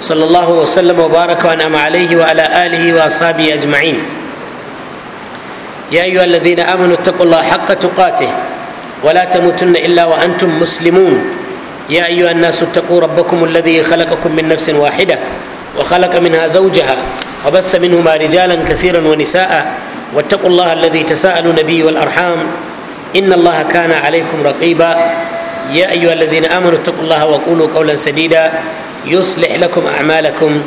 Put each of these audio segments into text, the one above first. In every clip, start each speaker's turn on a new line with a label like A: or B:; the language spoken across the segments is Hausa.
A: صلى الله وسلم وبارك وانعم عليه وعلى اله واصحابه اجمعين يا ايها الذين امنوا اتقوا الله حق تقاته ولا تموتن الا وانتم مسلمون يا ايها الناس اتقوا ربكم الذي خلقكم من نفس واحده وخلق منها زوجها وبث منهما رجالا كثيرا ونساء واتقوا الله الذي تساءلوا نبي والارحام ان الله كان عليكم رقيبا يا ايها الذين امنوا اتقوا الله وقولوا قولا سديدا يصلح لكم أعمالكم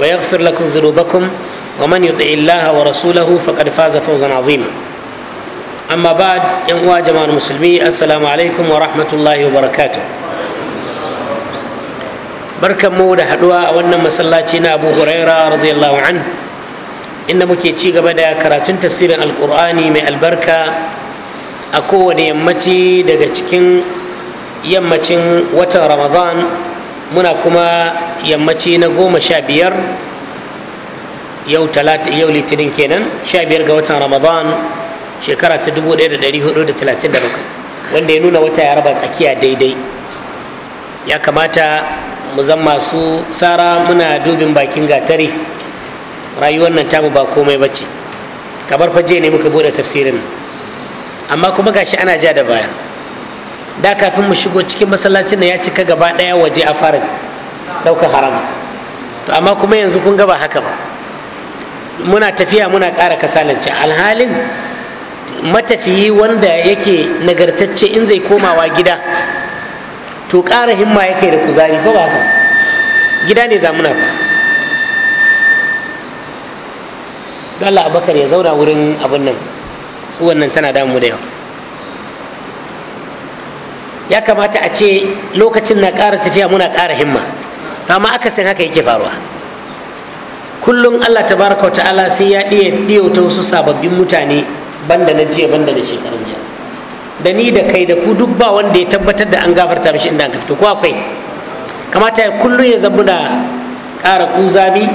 A: ويغفر لكم ذنوبكم ومن يطع الله ورسوله فقد فاز فوزا عظيما أما بعد يا جماعة المسلمين السلام عليكم ورحمة الله وبركاته barkan mu da haduwa a wannan masallaci na abu huraira radiyallahu an inda muke ci gaba da karatun tafsirin alkur'ani mai albarka a kowane yammaci daga cikin yammacin watan ramadan muna kuma yammaci na goma sha biyar yau talata yau litinin kenan sha biyar ga watan ramadan shekara ta dubu ɗaya da ɗari hudu da talatin da bakwai wanda ya nuna wata ya raba tsakiya daidai ya kamata mu zan masu tsara muna dubin bakin gatari rayuwar nan tamu ba komai bacci kamar faje ne muka bude tafsirin amma kuma gashi ana ja da baya da kafin mu shigo cikin masallacin na ya cika gaba ɗaya waje a fara daukar haram to amma kuma yanzu kun gaba haka ba muna tafiya muna ƙara kasalance alhalin matafiyi wanda yake nagartacce in zai komawa gida to ƙara himma yake da kuzari ko ba haka gida ne za muna Allah abakar ya zauna wurin abin nan tsuwan nan tana damu da yawa ya kamata a ce lokacin na ƙara tafiya muna ƙara himma amma akasin haka yake faruwa kullum allah Ta wa ta'ala sai ya ɗiya ta wasu sababbin mutane banda na jiya banda na shekarun jiya da ni da kai da ku duk ba wanda ya tabbatar da an gafarta mishi inda an fito ko akwai kamata kullum ya zama muna ƙara kuzami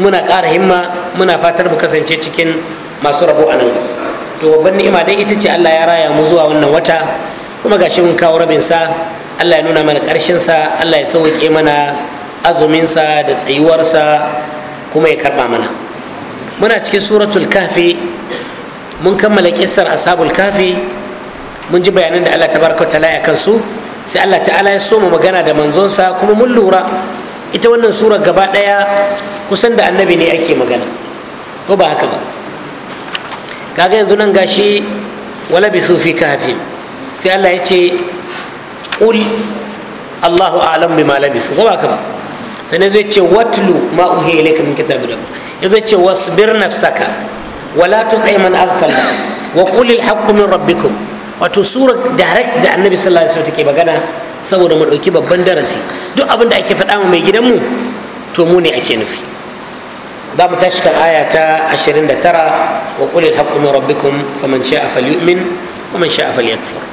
A: muna ƙara himma muna fatar mu kasance cikin masu rabo a nan to babban ni'ima dai ita ce allah ya raya mu zuwa wannan wata kuma gashi mun kawo rabin sa Allah ya nuna mana karshen sa Allah ya sauke mana azuminsa da tsayuwarsa, kuma ya karba mana muna cikin suratul kafi mun kammala kissar ashabul kafi mun ji bayanan da Allah tabaraka ta'ala ya kansu sai Allah ta'ala ya soma magana da manzonsa kuma mun lura ita wannan surar gaba ɗaya kusan da annabi ne ake magana ko ba haka ba kaga yanzu nan gashi wala sufi fi kafin sai Allah ya ce qul Allahu a'lam bima labisu ko baka ba sai zai ce watlu ma uhiya ilayka min kitabi rabbik zai ce wasbir nafsaka wala tuti man aghfalna wa qul al min rabbikum wato sura direct da annabi sallallahu alaihi wasallam take magana saboda mu ɗauki babban darasi duk abin da ake faɗa mu mai gidanmu to mu ne ake nufi za mu tashi kan aya ta 29 wa qulil haqqu min rabbikum faman sha'a falyu'min wa man sha'a falyakfur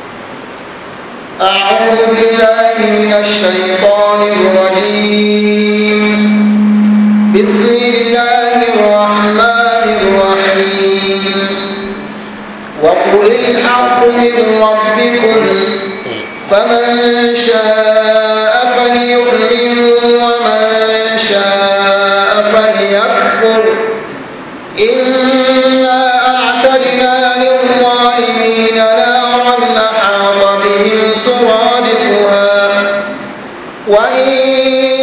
B: أعوذ بالله من الشيطان الرجيم بسم الله الرحمن الرحيم وقل الحق من ربكم فمن شاء فليؤمن ومن شاء فليكفر إنا أعتدنا للظالمين وإن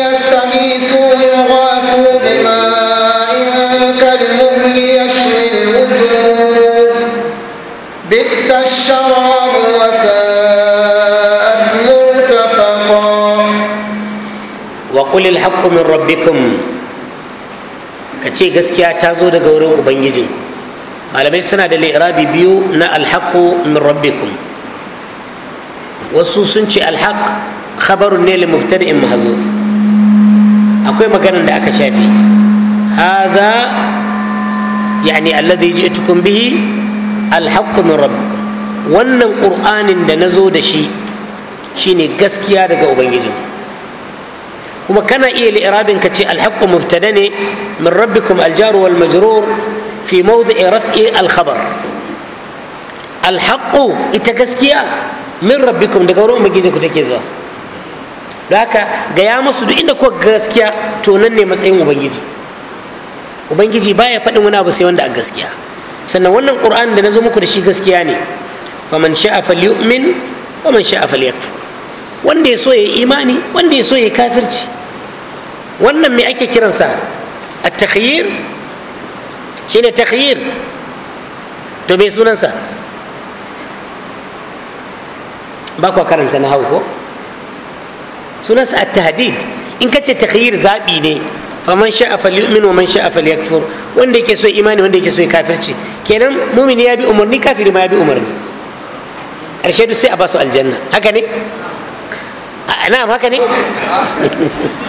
B: يستغيثوا يغاثوا بماء كالمهل يشوي الوجوه بئس الشراب وساءت مرتفقا
A: وقل الحق من ربكم ka ce gaskiya ta zo daga wurin ubangijin malamai suna da lirabi biyu na alhaku min rabbikum wasu sun ce alhaq khabarun ne limubtada'in mahzuf akwai maganar da aka shafi hadha yani alladhi ji'tukum bihi alhaqqu min rabbikum wannan qur'anin da nazo da shi shine gaskiya daga ubangiji kuma kana iya li'irabin ka ce alhaqqu mubtada ne min rabbikum aljaru wal majrur fi mawdi'i raf'i alkhabar alhaqqu ita gaskiya min rabbikum daga wurin ku take zuwa da haka ga ya musu duk inda kuka gaskiya to nan ne matsayin ubangiji ubangiji baya faɗin wani abu sai wanda a gaskiya sannan wannan qur'an da na zo muku da shi gaskiya ne faman sha'a falyu'min wa man sha'a falyakfur wanda ya so ya imani wanda ya so ya kafirci wannan me ake kiransa at-takhyir shine takhyir to me sunansa ba ku karanta na hau ko sunansa at-tahdid in kace ce takhyir zabi ne faman sha'a falyu'min wa man sha'a falyakfur wanda yake so imani wanda yake so kafirci kenan mumini ya bi umarni kafiri ma ya bi umarni karshe duk sai a basu aljanna haka ne na'am haka ne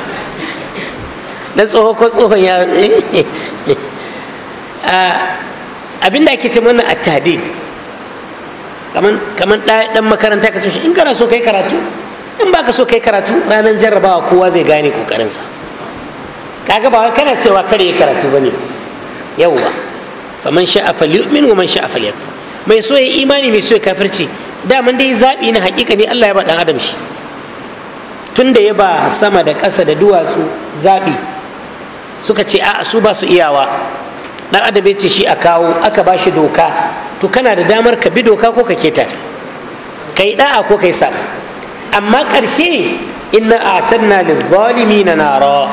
A: dan tsoho ko tsohon ya ah, abinda ake ce mana at-tahdid kaman kaman dan makaranta ka ce in kana so kai karatu in baka so kai karatu ranar jarrabawa kowa zai gane kokarinsa kaga ba kana cewa kare karatu bane yawwa man sha'a falyu'min wa man sha'a falyakfur mai so ya imani mai so ya kafirci daman dai zabi na hakika ne Allah ya ba dan adam shi tunda ya ba sama da ƙasa da duwatsu zabi suka ce a su ba su iyawa dan adam ya ce shi a kawo aka ba shi doka to kana da damar ka bi doka ko ka keta ta kai da'a ko kai sabo amma ƙarshe inna atanna na nara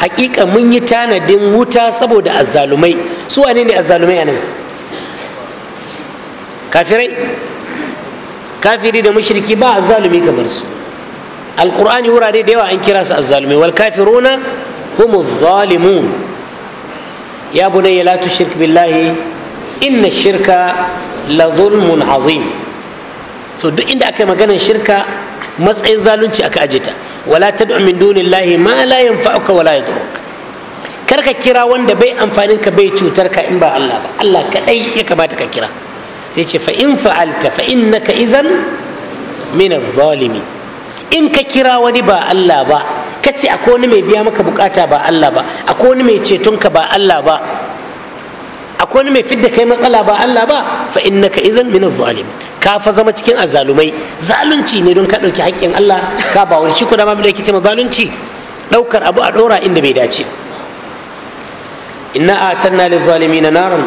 A: hakika mun yi tanadin wuta saboda azzalumai su wane ne azzalumai anan kafirai kafiri da mushriki ba azzalumi kamar su alqur'ani wurare da yawa an kira su azzalumai wal kafiruna humu zalimun ya bunayya la tushrik billahi inna shirka la zulmun azim so duk inda aka yi maganar shirka matsayin zalunci aka aje ta wala tad'u min dunillahi ma la yanfa'uka wala yadurruk kar ka kira wanda bai amfanin ka bai cutar ka in ba Allah ba Allah kadai ya kamata ka kira sai ce fa in fa'alta fa innaka idan min zalimi in ka kira wani ba Allah ba ka ce akwai wani mai biya maka bukata ba Allah ba akwai wani mai ceton ka ba Allah ba akwai wani mai fidda kai matsala ba Allah ba fa innaka idan min zalimi ka fa zama cikin azzalumai zalunci ne don ka ɗauki haƙƙin Allah ka ba wani shi ko dama da yake cewa zalunci ɗaukar abu a ɗora inda bai dace inna atanna lil zalimin naran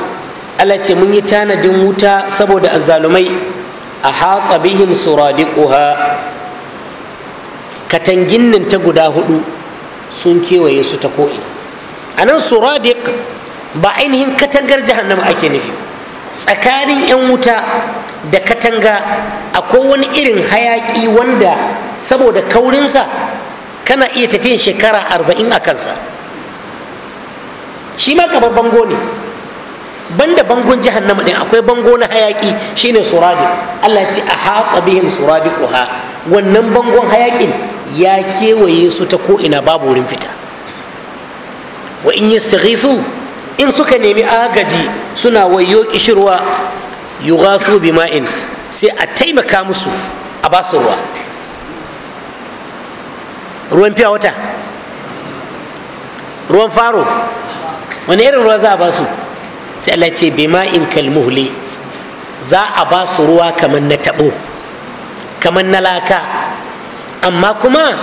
A: Allah ce mun yi tanadin wuta saboda azalumai a haƙa bihim suradiquha katangin nan ta guda hudu sun kewaye su ta ko'ina a nan suradiq ba ainihin katangar jahannama ake nufi tsakanin 'yan wuta da katanga akwai wani irin hayaƙi wanda saboda kaurinsa kana iya tafiyan shekara arba'in a kansa shi ma kamar bango ne banda bangon na ɗin akwai bango na hayaƙi shine suradi allah ce a haƙa bihin suradi ha. wannan bangon hayaƙin ya kewaye su ta ko'ina babu wurin fita wa in yi in suka nemi agaji suna wayo ƙishirwa. yughasu bima'in sai a taimaka musu a ba su ruwa ruwan fiya wata ruwan faro wani irin ruwa za a ba su sai Allah ce bima'in kalmuhli za a ba su ruwa kamar na tabo kamar na laka amma kuma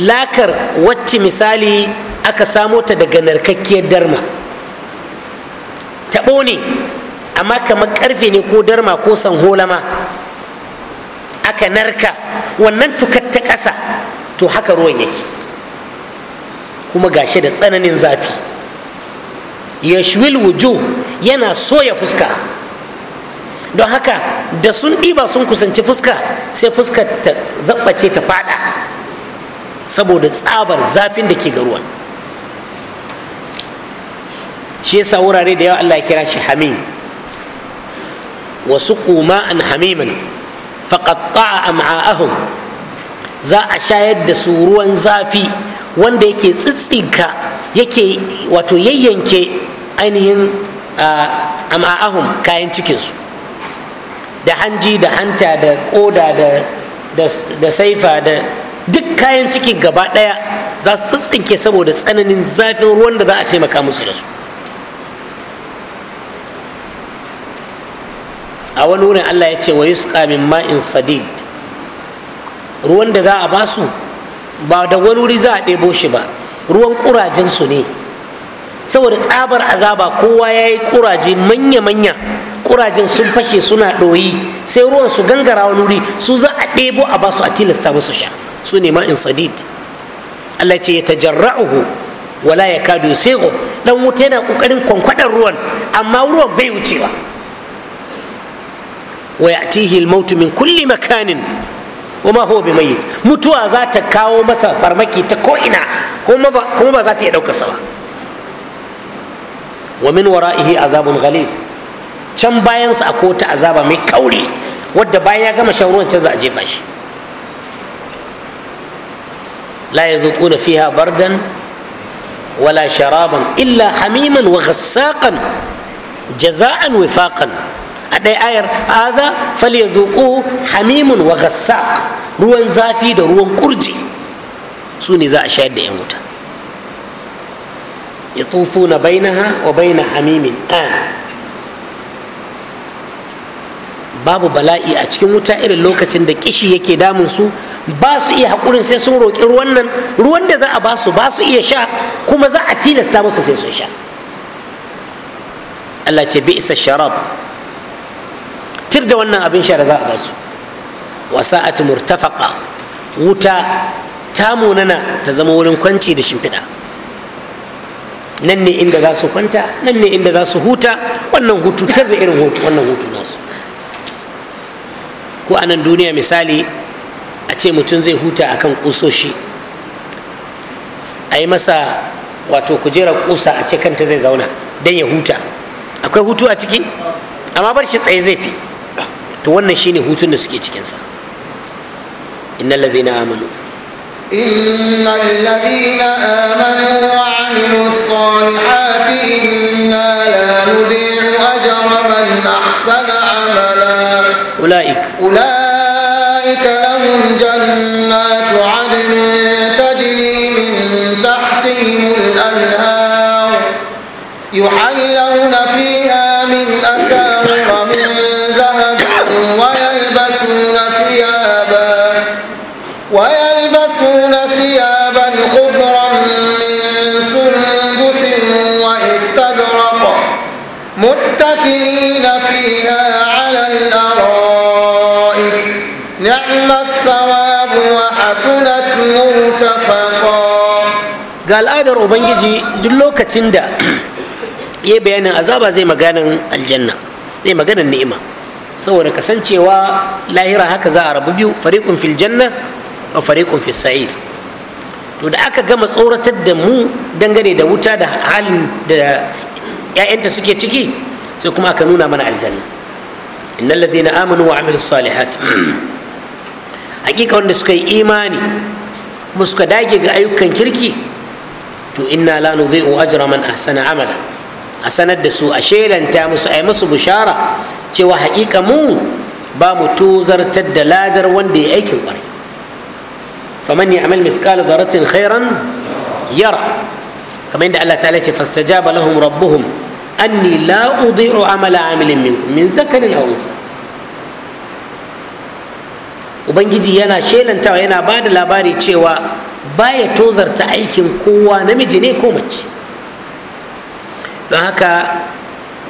A: lakar wacce misali aka samo ta daga narkakkiyar darma tabo ne amma kamar karfe ne ko darma ko sanholama aka narka wannan tukar ta ƙasa to haka ruwan yake kuma gashi da tsananin zafi yashwil wujo yana soya fuska don haka da sun ɗiba sun kusanci fuska sai fuska ta zaɓace ta fada saboda tsabar zafin da ke ga ruwan shi yasa wurare da yawa allah ya kira shi hamim وسقوا ماء حميما فقطع أمعاءهم za a shayar da su ruwan zafi wanda yake tsitsinka yake wato yayyanke ainihin am'a'ahum kayan cikinsu da hanji da hanta da koda da saifa da duk kayan cikin gaba ɗaya za su tsitsinke saboda tsananin zafin ruwan da za a taimaka musu da su a wani wurin Allah ya ce wa yusqa min ma'in sadid ruwan da za a ba su ba da wani wuri za a ɗebo shi ba ruwan ƙurajen su ne saboda tsabar azaba kowa ya yi ƙuraje manya-manya kurajen sun fashe suna ɗoyi sai ruwan su gangara wani wuri su za a ɗebo a ba su a tilasta musu sha su ne ma'in sadid Allah ce ya tajarra'uhu wala ya kadu go dan wuta yana kokarin kwankwadar ruwan amma ruwan bai wucewa ويأتيه الموت من كل مكان وما هو بميت متوا ذات كاو مسا فرمكي تكوئنا كما با ذات يدوك الصلاة ومن ورائه عذاب غليظ can bayansa a kota azaba mai kauri wadda bayan ya gama shan ruwan can za a jefa shi la yazuquna fiha bardan wala sharaban illa hamiman wa jaza'an wifaqan a ɗaya ayar aza fal zuƙo hamimun wa gassa ruwan zafi da ruwan kurji su ne za a shayar da yan wuta na bainaha wa baina hamimin an babu bala'i a cikin wuta irin lokacin da kishi yake damun su ba su iya haƙurin sai sun roƙi ruwan nan ruwan da za a basu, su ba su iya sha kuma za a tilasta musu sai sun sha Allah ce bi isa sharab tir da wannan abin sha da za a ba su wasa'at murtafaqa wuta ta munana ta zama wurin kwanci da shimfiɗa nan ne inda za su kwanta nan ne inda za su huta wannan hutu tar da irin hutu wannan hutu nasu ko a duniya misali a ce mutum zai huta akan kusoshi a yi masa wato kujerar kusa a ce kanta zai zauna don ya huta akwai hutu a ciki amma bar shi tsaye zai fi to wannan shine hutun da suke cikinsa innal
B: إن الذين آمنوا وعملوا الصالحات إنا لا نضيع أجر من أحسن عملا أولئك أولئك لهم جنات عدن تجري من تحتهم الأنهار يحلون فيها من أسفل بها على الأرائك نعم الثواب da
A: مرتفقا قال ya bayanin azaba zai maganin aljanna zai maganin ni'ima saboda kasancewa lahira haka za a rabu biyu fariƙun fil janna wa fariƙun fil sa'id to da aka gama tsoratar da mu dangane da wuta da halin da 'ya'yanta suke ciki sai kuma aka nuna mana aljanna innal ladina amanu wa amilus salihat hakika wanda suka yi imani kuma suka dage ga ayyukan kirki to inna la nudhi'u ajra man ahsana amala a sanar da su a shelanta musu a yi musu bushara cewa hakika mu ba mu tozartar da ladar wanda ya aikin kwarai faman ya amal miskal zaratin khairan yara kamar yadda Allah ta ce fastajaba lahum rabbuhum anni la udhi'u amala amilin minkum min zakarin aw ubangiji yana shelantawa yana ba da labari cewa baya tozarta aikin kowa namiji ne ko mace don haka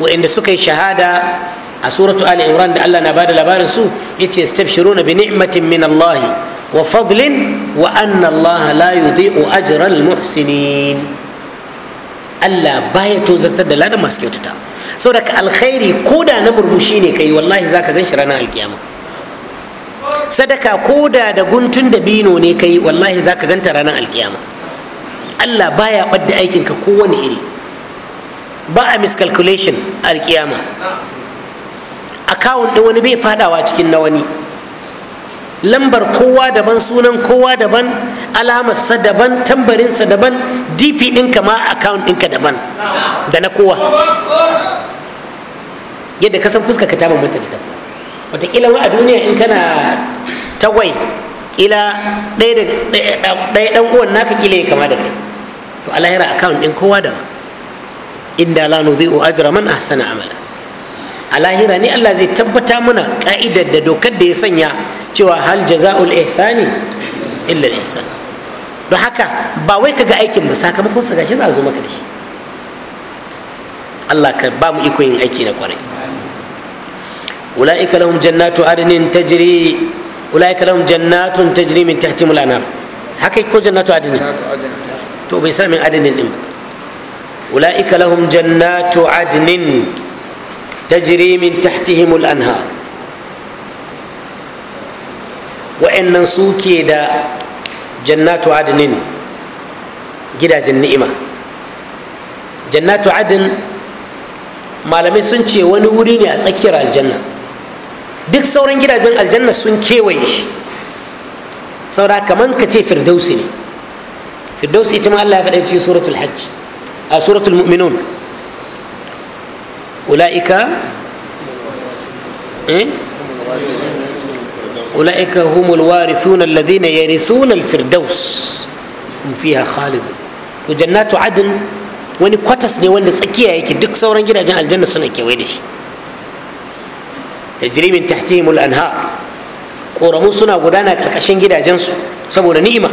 A: waɗanda suka yi shahada a suratu ali imran da allah na ba da labarin su ya ce na bi ni'matin min allahi wa fadlin wa anna allaha la yudhi'u ajral muhsinin Allah baya tozartar da ladan masu kyautata saboda ka alkhairi ko da na murmushi ne kai wallahi zaka gan shi ranar alkiyama sadaka ko da da guntun da bino ne kai wallahi zaka ganta ranar alkiyama Allah baya badda aikin ka kowane iri ba a miscalculation alkiyama akawun ɗin wani bai fadawa cikin na wani lambar kowa daban sunan kowa daban alamarsa daban tambarinsa daban dp ɗinka ma account ɗinka daban da na kowa yadda ka san fuska ka taba bambanta da tafi wataƙila ma a duniya in kana tagwai ƙila ɗaya ɗan uwan naka ƙila ya kama da kai to a lahira account ɗin kowa daban inda la nudhi'u ajra man ahsana amala a lahira ne Allah zai tabbata mana ka'idar da dokar da ya sanya cewa hal jaza'ul ihsani illa ihsan don haka ba wai kaga aikin ba sakamakon sa gashi za zo maka da shi Allah ka ba mu iko yin aiki na kwarai ulaika lahum jannatu adnin tajri ulaika lahum jannatun tajri min tahtihim al-anhar haka ko jannatu adnin to bai sa min adnin din ba ulaika lahum jannatu adnin tajri min tahtihim al-anhar wa'annan suke da jannatu adinin gidajen ni'ima jannatu adin malamai sun ce wani wuri ne a tsakiyar aljanna duk sauran gidajen aljanna sun kewaye shi saura kamar ka ce firdausi ne firdausi ita ma Allah ya faɗa cikin suratul hajj a suratul mu'minun ula'ika eh أولئك هم الوارثون الذين يرثون الفردوس هم فيها خالدون وجنات عدن wani kwatas ne wanda tsakiya yake duk sauran gidajen aljanna suna kewaye da shi tajri min tahtihim al-anha ƙoramu suna gudana ƙarƙashin gidajensu saboda ni'ima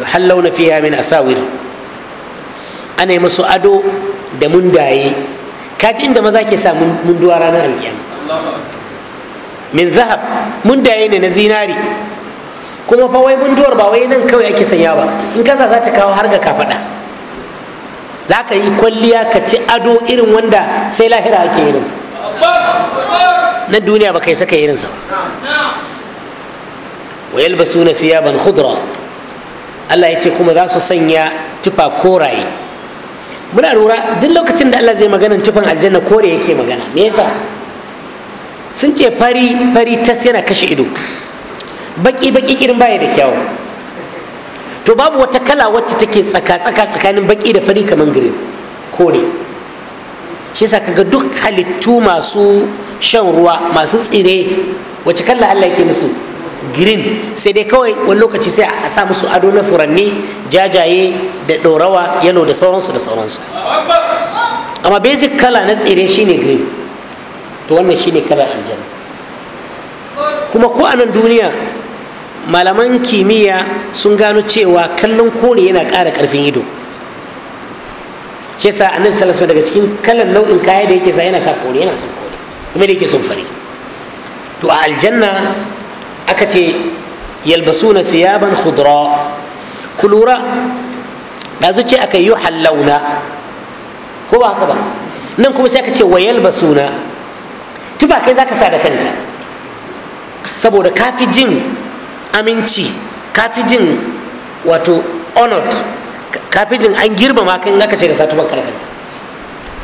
A: yuhallawna fiha min asawir ana yi musu ado da mundaye kaji inda maza ke sa munduwa ranar alƙiyama min zahab mun da ne na zinari kuma fa wai munduwar ba wai nan kawai ake sanya ba in kasa za ta kawo har ga kafaɗa za ka yi kwalliya ka ci ado irin wanda sai lahira ake irinsa na duniya ba kai saka irinsa ba wa yalbasu na siyaban khudra Allah ya ce kuma za su sanya tufa koraye muna lura duk lokacin da Allah zai magana tufan aljanna kore yake magana me yasa sun ce fari fari tas yana kashe ido baki baki kirin baya da kyawu to babu wata kala wacce take tsaka tsaka tsakanin baki da fari kamar gire kore shi yasa kaga duk halittu masu shan ruwa masu tsire wacce kalla Allah yake musu green sai dai kawai wani lokaci sai a sa musu ado na furanni jajaye da ɗorawa yalo da sauransu da sauransu amma basic kala na tsire shine green to wannan shine kalar aljanna kuma ko a nan duniya malaman kimiyya sun gano cewa kallon kore yana ƙara ƙarfin ido shi yasa annabi sallallahu daga cikin kallon nau'in kaya da yake sa yana sa kore yana son kore kuma da yake son fari to a aljanna aka ce yalbasuna siyaban khudra ku lura ɗazu ce aka yi hallauna ko ba haka ba nan kuma sai aka ce wa yalbasuna ba kai zaka sa da kanka saboda kafi jin aminci kafi jin wato honored kafi jin an girmama kai in aka ce ka sa tuban karka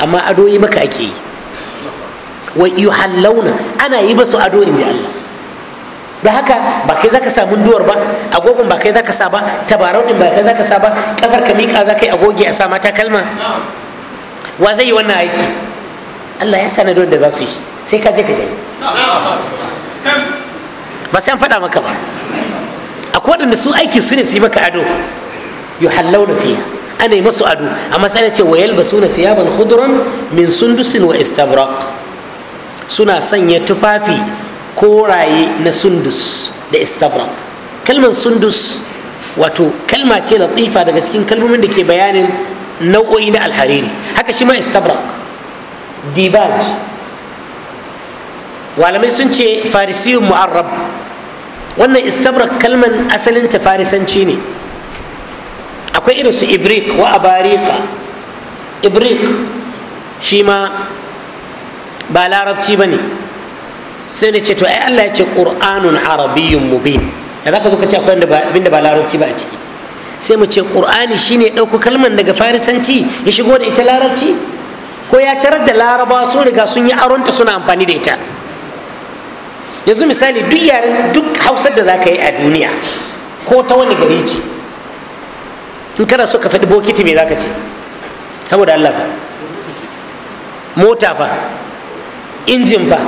A: amma ado yi maka ake yi wa yuhallawna ana yi su ado in ji Allah don haka ba kai zaka sa munduwar ba agogon ba kai zaka sa ba tabarau din ba kai zaka sa ba kafar ka mika zaka yi agoge a sa mata kalma wa zai yi wannan aiki Allah ya tanadi wanda za su yi sai ka je ka gani ba sai an faɗa maka ba akwai waɗanda su aiki su ne su yi maka ado yuhallawna fiha ana yi masu ado amma sai na ce wa yalbasuna thiyaban khudran min sundusin wa suna sanya tufafi koraye na sundus da istabraq kalmar sundus wato kalma ce latifa daga cikin kalmomin da ke bayanin nau'o'i na alhariri haka shi ma istabrak dibaj walamai sun ce farisiyun mu'arrab wannan istabrak kalman asalinta farisanci ne akwai irin su ibrik wa abarika ibrik shi ma ba larabci ba ne sai ne ce to ai Allah ya ce qur'anun arabiyyun mubin da zaka zo ce akwai abinda ba larabci ba a ciki sai mu ce qur'ani shine ɗauko kalman daga farisanci ya shigo da ita larabci ko ya tarar da larabawa sun riga sun yi aronta suna amfani da ita yanzu misali duk yaren duk hausar da za ka yi a duniya ko ta wani gare ce in kana so ka faɗi bokiti me za ka ce saboda allah fa mota fa injin fa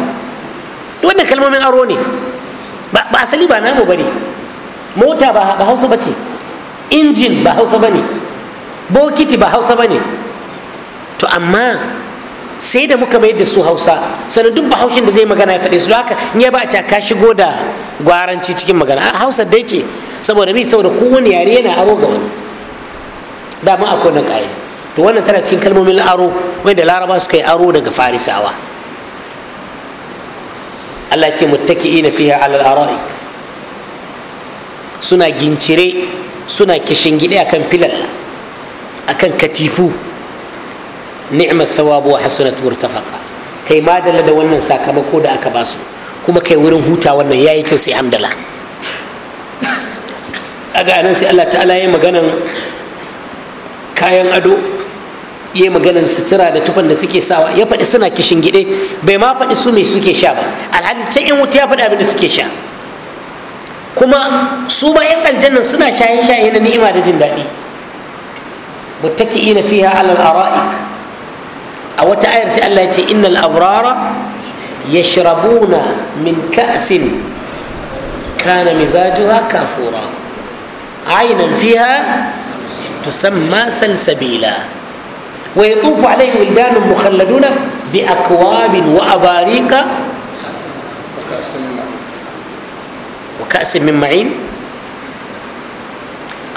A: wannan kalmomin aro ne ba asali ba namu ba ne mota ba hausa ba ce injin ba hausa ba ne bokiti ba hausa ba ne to amma sai da muka mayar da su hausa sannan duk bahaushen da zai magana ya faɗe su haka in ya ba a ka shigo da gwaranci cikin magana a hausa dai ce saboda mi saboda kowane yare yana aro ga wani dama akwai wannan ƙa'ida to wannan tana cikin kalmomin aro da laraba suka yi aro daga farisawa allah ce muttaki'ina fiha alal ara'ik suna gincire suna kishin kishingide akan filalla akan katifu ni'mat thawabu wa hasunat murtafaqa kai madalla da wannan sakamako da aka basu kuma kai wurin huta wannan yayi kyau sai hamdala daga nan sai Allah ta'ala yayi maganan kayan ado yayi maganan sutura da tufan da suke sawa ya faɗi suna kishin gide bai ma faɗi su me suke sha ba alhali can in wuta ya faɗi abin da suke sha kuma su ba yan aljannan suna shaye-shaye na ni'ima da jin daɗi muttaki'ina fiha alal ara'ik أو تأير ayar sai Allah يشربون من كأس كان مزاجها كافورا ka'sin kana عينا فيها تسمى سلسبيلا ويطوف عليهم ولدان مخلدون بأكواب وأباريق وكأس من معين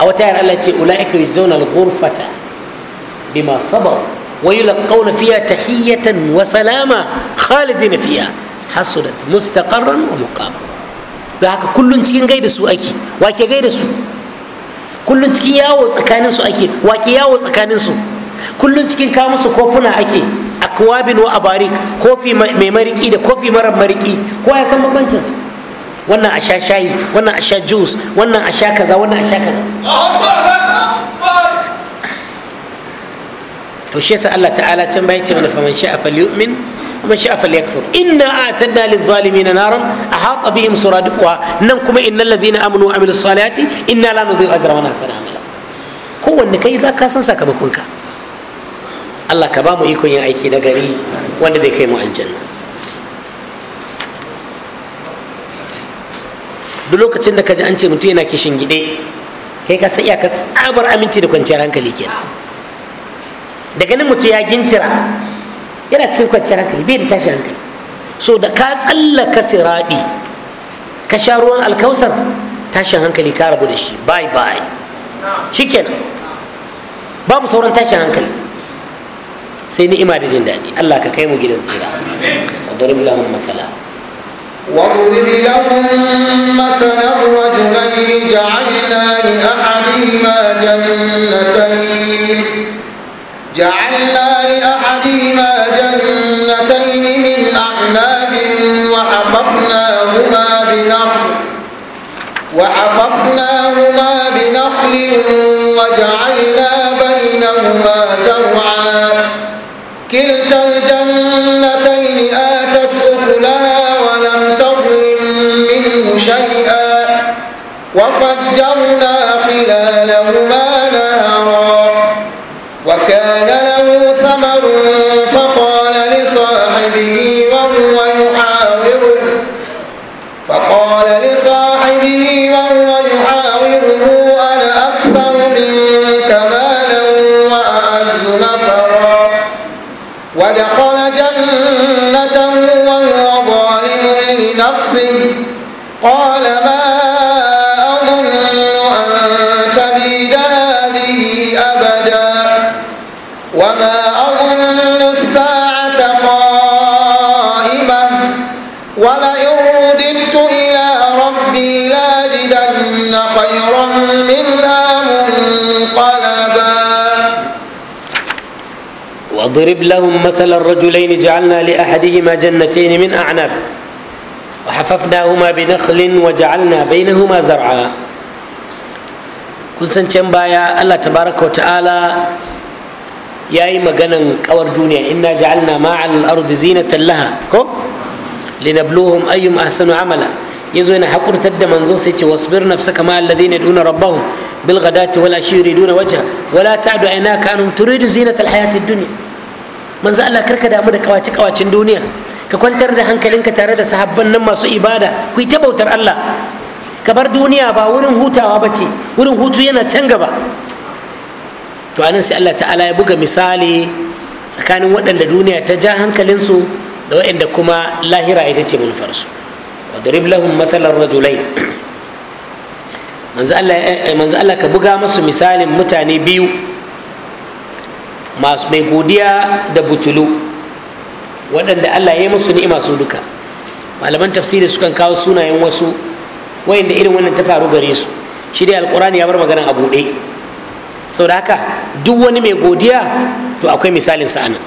A: أو تعالى التي أولئك يجزون الغرفة بما صبروا ويلقون فيها تحية وسلامة خالدين فيها حصلت مستقرا ومقاما da haka kullum cikin gaida ake wake gaida su kullum cikin yawo tsakanin su ake wake yawo tsakanin kullum cikin kawo musu kofuna ake akwabin wa barik? kofi mai mariki da kofi mara mariki kowa ya san bambancin su wannan a sha shayi wannan a sha juice wannan a sha kaza wannan a sha kaza to shi Allah ta'ala can bayan ce wani faman sha'a fal yu'min kuma sha'a fal yakfur inna atadna lil zalimin naran ahata bihim suradiqwa nan kuma innal ladina amanu wa amilus salihati inna la nudhi'u ajra man ahsana amala kowanne kai za ka san sakamakon ka Allah ka ba mu ikon yin aiki na gari wanda zai kai mu aljanna duk lokacin da ka ji an ce mutum yana kishin gida kai ka san iya ka tsabar aminci da kwanciyar hankali kenan da ganin mutum ya gincira yana cikin kwanciyar hankali bai da tashin hankali so da ka tsallaka siraɗi ka sha ruwan alkausar tashin hankali ka rabu da shi bye bye shikenan babu sauran tashin hankali sai ni'ima da jin daɗi Allah ka kai mu gidan tsira wadrib lahun masala
B: واضرب لهم مثلا رجلين جعلنا لأحدهما جنتين جعلنا لأحدهما جنتين من أعناب وحففناهما بنخل وحففناهما بنخل وجعلنا بينهما زرعا كلتا الجنتين آتت أكلها ولم تظلم منه شيئا وفجرنا خلالهما وكان له ثمر فقال لصاحبه وهو لكن خيرا منها
A: منقلبا واضرب لهم مثل الرجلين جعلنا لأحدهما جنتين من أعنب وحففناهما بنخل وجعلنا بينهما زرعا كل سنة بايا الله تبارك وتعالى يا إما أور دنيا إنا جعلنا ما على الأرض زينة لها كو لنبلوهم أيهم أحسن عملا yazo yana hakurtar da manzo sai ce wasbir nafsaka ma alladhina yad'una rabbahum bil ghadati wal ashi yuriduna wajha wala ta'du aynaka anhum turidu zinata al hayati dunya manzo Allah karka damu da kawace kawacin duniya ka kwantar da hankalinka tare da sahabban nan masu ibada ku ta bautar Allah ka bar duniya ba wurin hutawa ce wurin hutu yana can gaba to anan sai Allah ta'ala ya buga misali tsakanin waɗanda duniya ta ja hankalinsu da waɗanda kuma lahira ita ce manufarsu wadrib lahum matsalar rajulai manzo Allah ka buga masu misalin mutane biyu masu mai godiya da butulu waɗanda Allah ya yi musu ni'ima su duka malaman tafsiri sukan kawo sunayen wasu wayanda irin wannan ta faru gare su shi dai alkurani ya bar magana a buɗe sau da haka duk wani mai godiya to akwai misalin sa'ana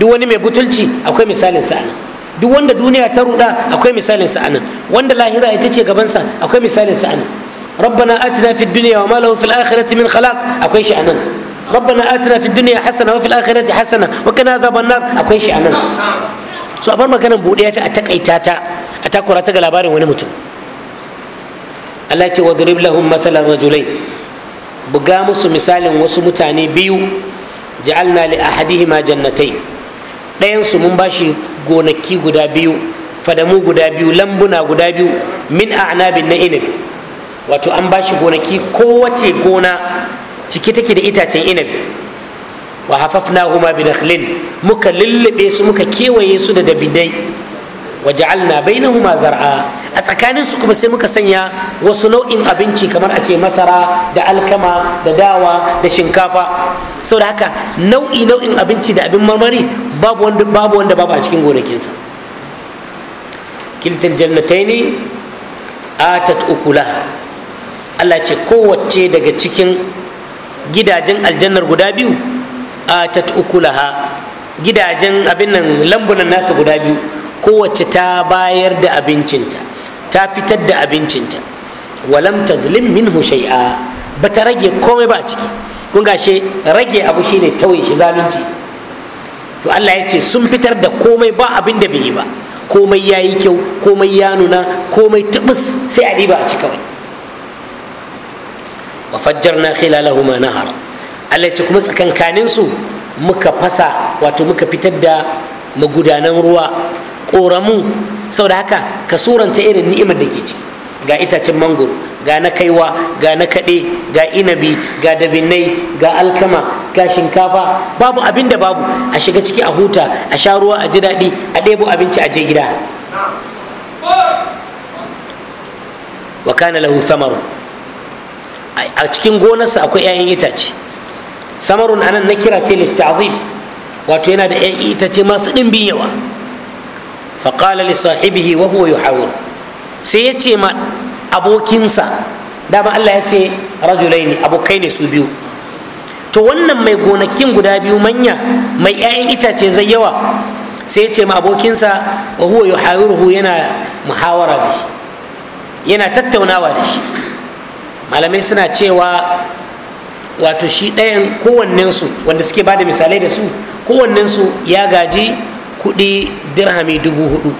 A: duk wani mai butulci akwai misalin sa'ana duk wanda duniya ta ruɗa akwai misalin sa anan wanda lahira ita ce gabansa sa akwai misalin sa anan rabbana atina fid dunya wa ma lahu fil min kala akwai shi anan rabbana atina fid dunya hasana wa fil akhirati hasana wa qina adhaban akwai shi anan so a bar maganar bude yafi a takaita ta a takura ta ga labarin wani mutum Allah ce wadrib lahum mathalan rajulai buga musu misalin wasu mutane biyu ja'alna li ma jannatai ɗayansu mun bashi gonaki guda biyu fadamu guda biyu lambuna guda biyu min a'nabin na inabi wato an bashi gonaki kowace gona ciki take da itacen inabi wa hafafna huma bi nakhlin muka lullube su muka kewaye su da dabidai wa ja'alna bainahuma zar'a a tsakanin su kuma sai muka sanya wasu nau'in abinci kamar a ce masara da alkama da dawa da shinkafa saboda haka nau'i nau'in abinci da abin marmari babu wanda babu wanda babu a cikin gonakinsa kiltil jannataini atat ukula Allah ce kowace daga cikin gidajen aljannar guda biyu atat ukulaha gidajen abin nan lambunan nasa guda biyu kowace ta bayar da abincinta ta fitar da abincinta walam tazlim minhu shay'a bata rage komai ba a ciki kun gashe rage abu shine tauye shi zalunci to Allah ya ce sun fitar da komai ba abin da bai yi ba komai ya yi kyau komai ya nuna komai tabbas sai a riba a ci kawai wa fajjarna khilalahuma nahara Allah ya ce kuma tsakankanin su muka fasa wato muka fitar da magudanan ruwa ƙoramu saboda haka ka suranta irin ni'imar da ke ciki ga itacen mangoro ga na kaiwa ga na kaɗe ga inabi ga dabinai ga alkama ga shinkafa babu abin da babu a shiga ciki a huta a sha ruwa a ji daɗi a ɗebo abinci a je gida wa kana lahu samaru a cikin gonarsa akwai 'ya'yan itace samarun anan na kira ce littazim wato yana da 'ya'yan itace masu ɗin yawa faƙala li sahibihi wa huwa yuhawiru sai ya ce ma abokinsa dama Allah ya ce rajulai ne abokai ne su biyu to wannan mai gonakin guda biyu manya mai 'ya'yan itace zai yawa sai ya ce ma abokinsa wa huwa yuhawiruhu yana muhawara da shi yana tattaunawa da shi malamai suna cewa wato shi ɗayan kowannensu wanda suke bada misalai da su kowannensu ya gaji kuɗi dirhami dubu hudu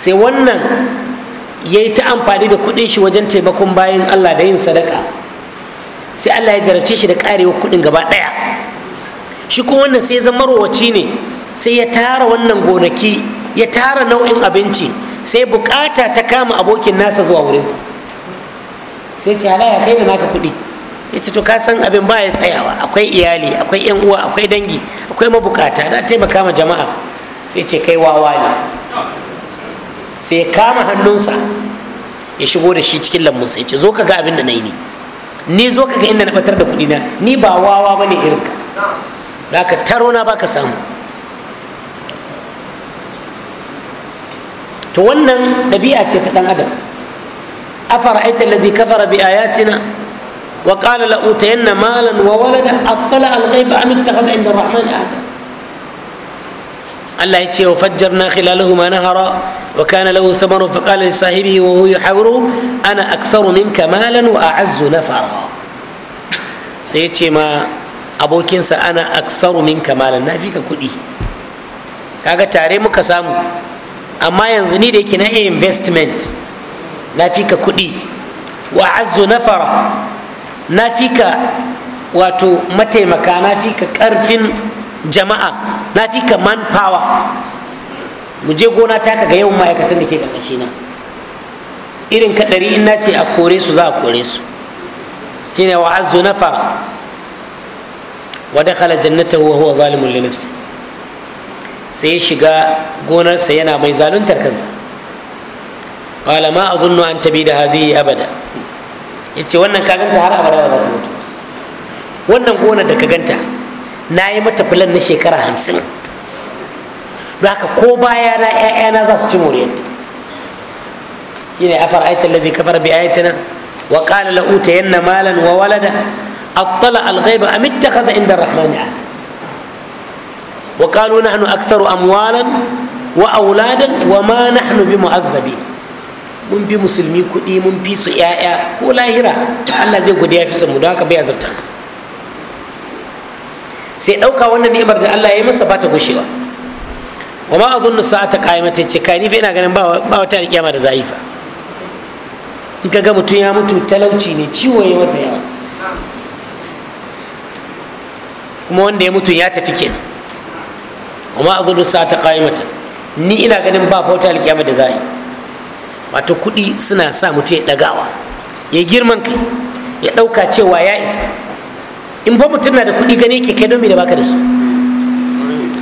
A: sai wannan ya yi ta amfani da kuɗin shi wajen taimakon bayan allah da yin sadaka sai allah ya jarabce shi da karewa kuɗin gaba ɗaya shi kuma wannan sai ya zama rowaci ne sai ya tara wannan gonaki ya tara nau'in abinci sai bukata ta kama abokin nasa zuwa wurinsa sai ce halaya kai da naka kuɗi ya ce to ka san abin ba ya tsayawa akwai iyali akwai yan uwa akwai dangi akwai mabukata na taimaka ma jama'a sai ce kai wawa ne sai ya kama hannunsa ya shigo da shi cikin lambun ya ce zo ka ga abin da na yi ni ni zo ka ga inda na batar da kuɗi na ni ba wawa ba ne irin ka da ka taro na ba ka samu to wannan ɗabi'a ce ta ɗan adam afara'aita alladhi kafara bi ayatina wa qala la utayanna malan wa walada attala al-ghaiba am ittakhadha inda ar-rahman ahada الله يتي وفجرنا خلالهما نهرا وكان له ثمر فقال لصاحبه وهو يحاوره انا اكثر منك مالا واعز نفرا سيتي ما abokinsa ana aksaru min kamalan na fi ka kuɗi kaga tare muka samu amma yanzu ni da yake na investment na fi ka kuɗi wa azu nafara na fi ka wato mataimaka na fi ka ƙarfin jama'a na fi ka man mu je gona ta kaga yawan ma'aikatan da ke karkashi na irin ka ɗari in na ce a kore su za a kore su shine wa azzu nafara wa dakhala jannata wa huwa zalimun li nafsi sai ya shiga gonarsa yana mai zaluntar kansa qala ma azunnu an tabida hadhihi abada yace wannan ka ganta har abada ba za ta mutu wannan gonar da ka ganta na yi mata filan na shekara hamsin don haka ko baya na ƴaƴana za su ci moriyarta shi ne afar aitar ladhi kafar bi ayatina wa qala la utayanna malan wa walada attala al-ghaiba am ittakhadha inda ar-rahmani wa qalu nahnu aktharu amwalan wa auladan wa ma na hannu bi mu'azzabin mun bi musulmi kuɗi mun fi su ƴaƴa, ko lahira allah zai gode ya fi mu don haka bai azabta sai ɗauka wannan ni'imar da Allah ya yi masa ba ta gushewa wa ma azunnu sa'ata qaimatin ce kai ni fa ina ganin ba wata alƙiyama da za'ifa in ka ga mutum ya mutu talauci ne ciwo ya masa yawa kuma wanda ya mutu ya tafi kenan wa ma azunnu sa'ata qaimatin ni ina ganin ba wata alƙiyama da za'i wato kuɗi suna sa mutum ya ɗagawa ya girman kai ya ɗauka cewa ya isa in ba mutum na da kuɗi gani ke kai domin da baka da su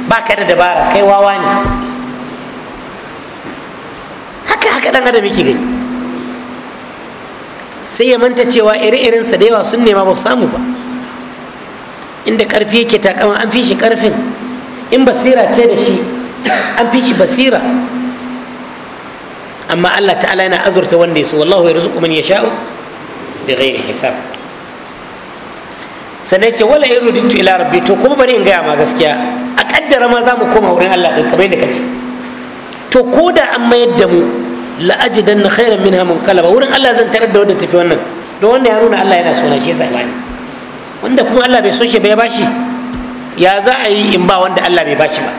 A: baka da dabara kai wawa ne haka haka dan adam yake gani sai ya manta cewa iri-irinsa da yawa sun nema ba samu ba inda ƙarfi yake takama an fi shi ƙarfin in basira ce da shi an fi shi basira amma Allah ta'ala yana azurta wanda ya su wallahu ya rizuku man sha'u da ghairi hisab sannan ce wala in ruditu ila rabbi to kuma bari in gaya ma gaskiya a kaddara ma za mu koma wurin Allah din kamar yadda kace to ko da an mayar da mu la'ajidan na khairan minha munqalaba wurin Allah zan tarar da wanda tafi wannan don wanda ya nuna Allah yana sona shi zai bani wanda kuma Allah bai so shi bai bashi ya za a yi in ba wanda Allah bai bashi ba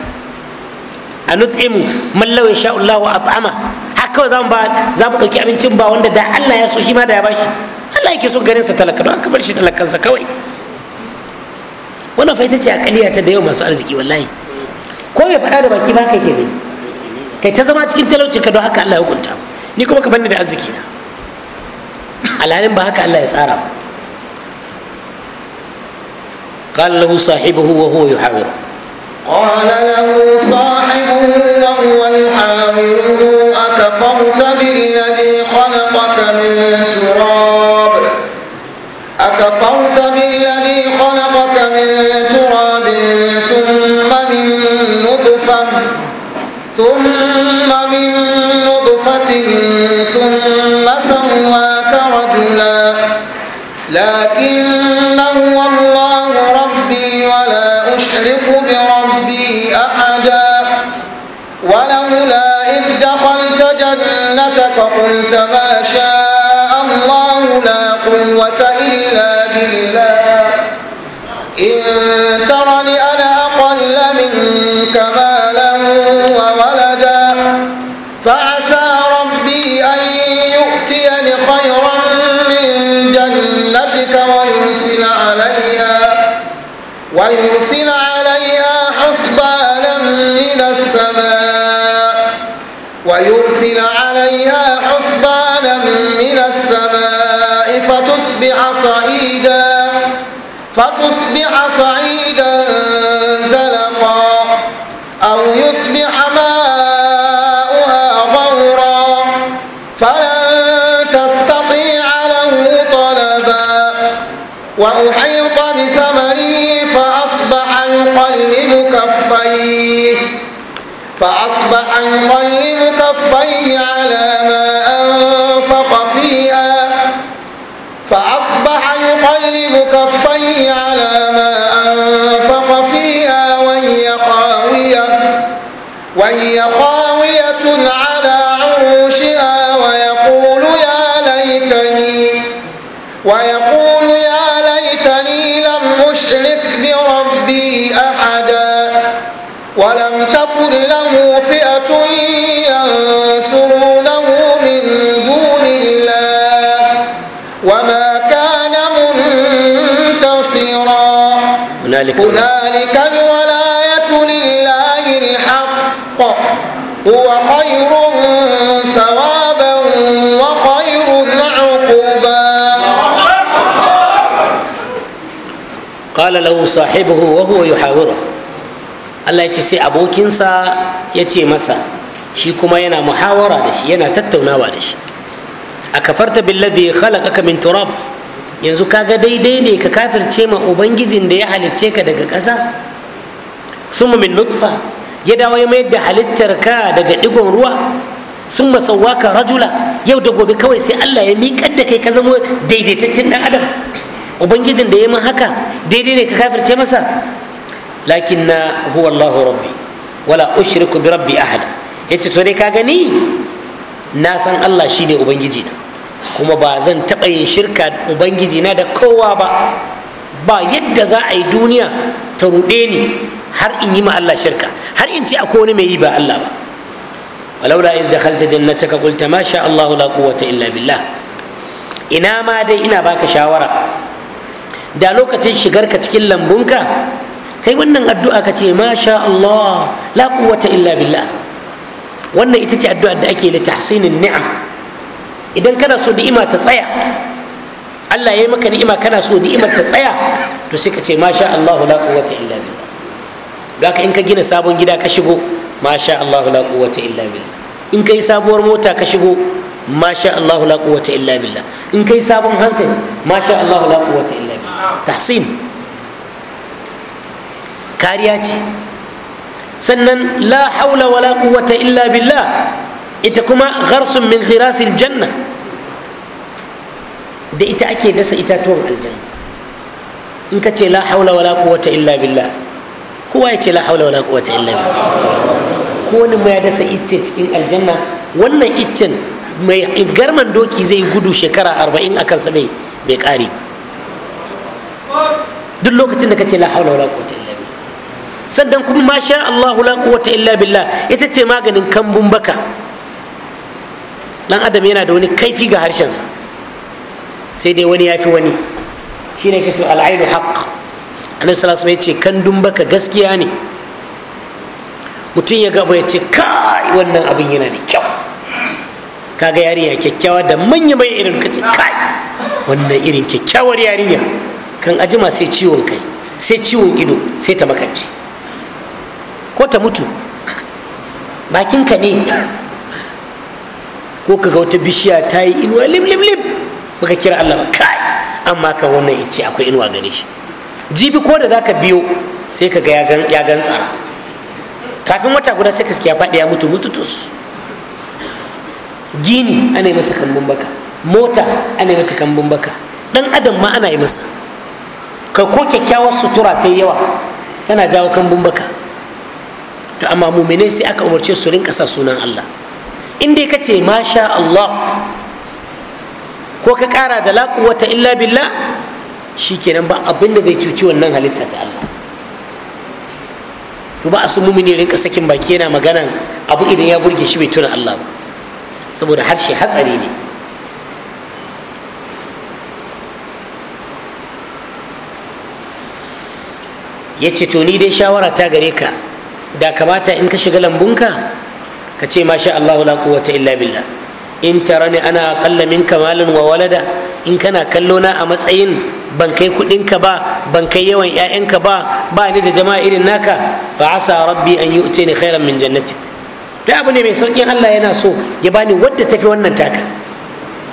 A: a nut'imu man law yasha Allah wa at'ama haka za mu ba za mu dauki abincin ba wanda da Allah ya so shi ma da ya bashi Allah yake so garin sa talaka don aka bar shi talakansa kawai wannan fa ita ce akaliya ta da yau masu arziki wallahi ko ya faɗa da baki ba kai ke gani kai ta zama cikin talaucin ka don haka Allah ya hukunta ni kuma ka banni da arziki na alhalin ba haka Allah ya tsara ba قال له صاحبه وهو يحاور قال له صاحبه وهو يحاور
B: أكفرت بالذي خلقك من تراب أكفرت بالذي خلقك خلقك من تراب ثم من نطفة ثم من نطفة ثم سواك رجلا لكن هو الله ربي ولا أشرك بربي أحدا ولولا إذ دخلت جنتك قلت ما شاء الله لا قوة إلا بالله إن ترني أنا أقل منك مالا وولدا فعسى ربي أن يؤتيني خيرا من جنتك ويرسل عليها ويرسل عليها حسبانا من السماء ويرسل عليها حسبانا من السماء فتصبح صعيدا فتصبح صعيدا زلقا أو يصبح ماؤها غورا فلن تستطيع له طلبا وأحيط بثمره فأصبح يقلب كفيه فأصبح يقلب كفيه على ما أنفق فيها فأصبح يقلب كفيه لها ما أنفق فيها وهي خاوية وهي خاوية على عروشها ويقول يا ليتني ويقول يا ليتني لم أشرك بربي أحدا ولم تكن له هنالك هنالك الولاية لله الحق هو خير ثوابا وخير عقبا
A: قال له صاحبه وهو يحاوره Allah ya ce sai abokinsa ya ce masa shi kuma yana muhawara da shi yana tattaunawa da shi a kafarta billadhi ya min turab yanzu kaga daidai ne ka kafirce ma ubangijin da ya halicce ka daga ƙasa summa min nutfa ya dawo ya mayar da halittar ka daga digon ruwa sun masauwa ka rajula yau da gobe kawai sai allah ya miƙar da kai ka zama daidaitaccen ɗan adam ubangijin da ya min haka daidai ne ka kafirce masa lakin na huwa allahu rabbi wala ushriku bi rabbi ahad yace to ne ka gani na san allah shine ubangiji na kuma ba zan taɓa yin shirka ubangiji na da kowa ba ba yadda za a yi duniya ta ruɗe ni har in yi ma Allah shirka har in ce akwai wani mai yi ba Allah ba da iz dakhalta jannataka qulta ma sha Allahu la quwwata illa billah ina ma dai ina baka shawara da lokacin shigarka cikin lambunka kai wannan addu'a ka ce ma sha Allah la quwwata illa billah wannan ita ce addu'a da ake li tahsinin ni'am idan kana so ni'ima ta tsaya Allah ya yi maka ni'ima kana so ni'imar ta tsaya to sai ka ce masha Allahu la quwwata illa billah haka in ka gina sabon gida ka shigo masha Allahu la quwwata illa billah in kai sabuwar mota ka shigo masha Allahu la quwwata illa billah in kai sabon handset masha Allahu la quwwata illa billah tahsin kariya ce sannan la haula wala quwwata illa billah ita kuma gharsun min ghirasil janna da ita ake dasa itatuwan aljanna in ka ce la haula wala quwwata illa billah kowa ya ce la haula wala quwwata illa billah ko wani ma ya dasa icce cikin aljanna wannan iccen mai garman doki zai gudu shekara arba'in a kansa mai bai kare duk lokacin da ka ce la haula wala quwwata illa billah sannan kuma masha Allah la quwwata illa billah ita ce maganin kambun baka dan adam yana da wani kaifi ga harshensa sai dai wani ya fi wani shi ne kace al'ainu haqq annabi sallallahu alaihi wasallam ya ce kandun baka gaskiya ne mutum ya gaba ya ce kai wannan abin yana da kyau kaga yarinya kyakkyawa da manya mai irin ka ce kai wannan irin kyakkyawar yarinya kan ajima sai ciwon kai sai ciwon ido sai ta makance ko ta mutu bakinka ne ko kaga wata bishiya ta yi inuwa lim lim lim baka kira Allah ba kai amma ka wannan ya ce akwai inuwa gare shi jibi ko da za ka biyo sai ka ga ya gan tsara kafin wata guda sai ka ya faɗi ya mutu mututus gini ana yi masa kambun baka mota ana yi mata kambun baka dan adam ma ana yi masa ka ko kyakkyawar sutura ta yi yawa tana jawo kambun baka to amma mu sai aka umarce su rinka sa sunan Allah in dai ka ce masha Allah ko ka kara da la quwwata illa billah shikenan ba abin da zai cuci wannan halitta ta Allah to ba a su mumini rinka sakin baki yana maganan abu idan ya burge shi bai tuna Allah ba saboda harshe hatsari ne ya ce to ni dai shawara ta gare ka da kamata in ka shiga lambunka ka ce masha Allahu la quwwata illa billah in ni ana aqalla minka malan wa walada in kana kallo na a matsayin ban kai kudinka ba ban kai yawan ƴaƴanka ba ba ni da jama'a irin naka fa asa rabbi an yu'tini khairan min jannati da abu ne mai saukin Allah yana so ya bani wadda tafi wannan taka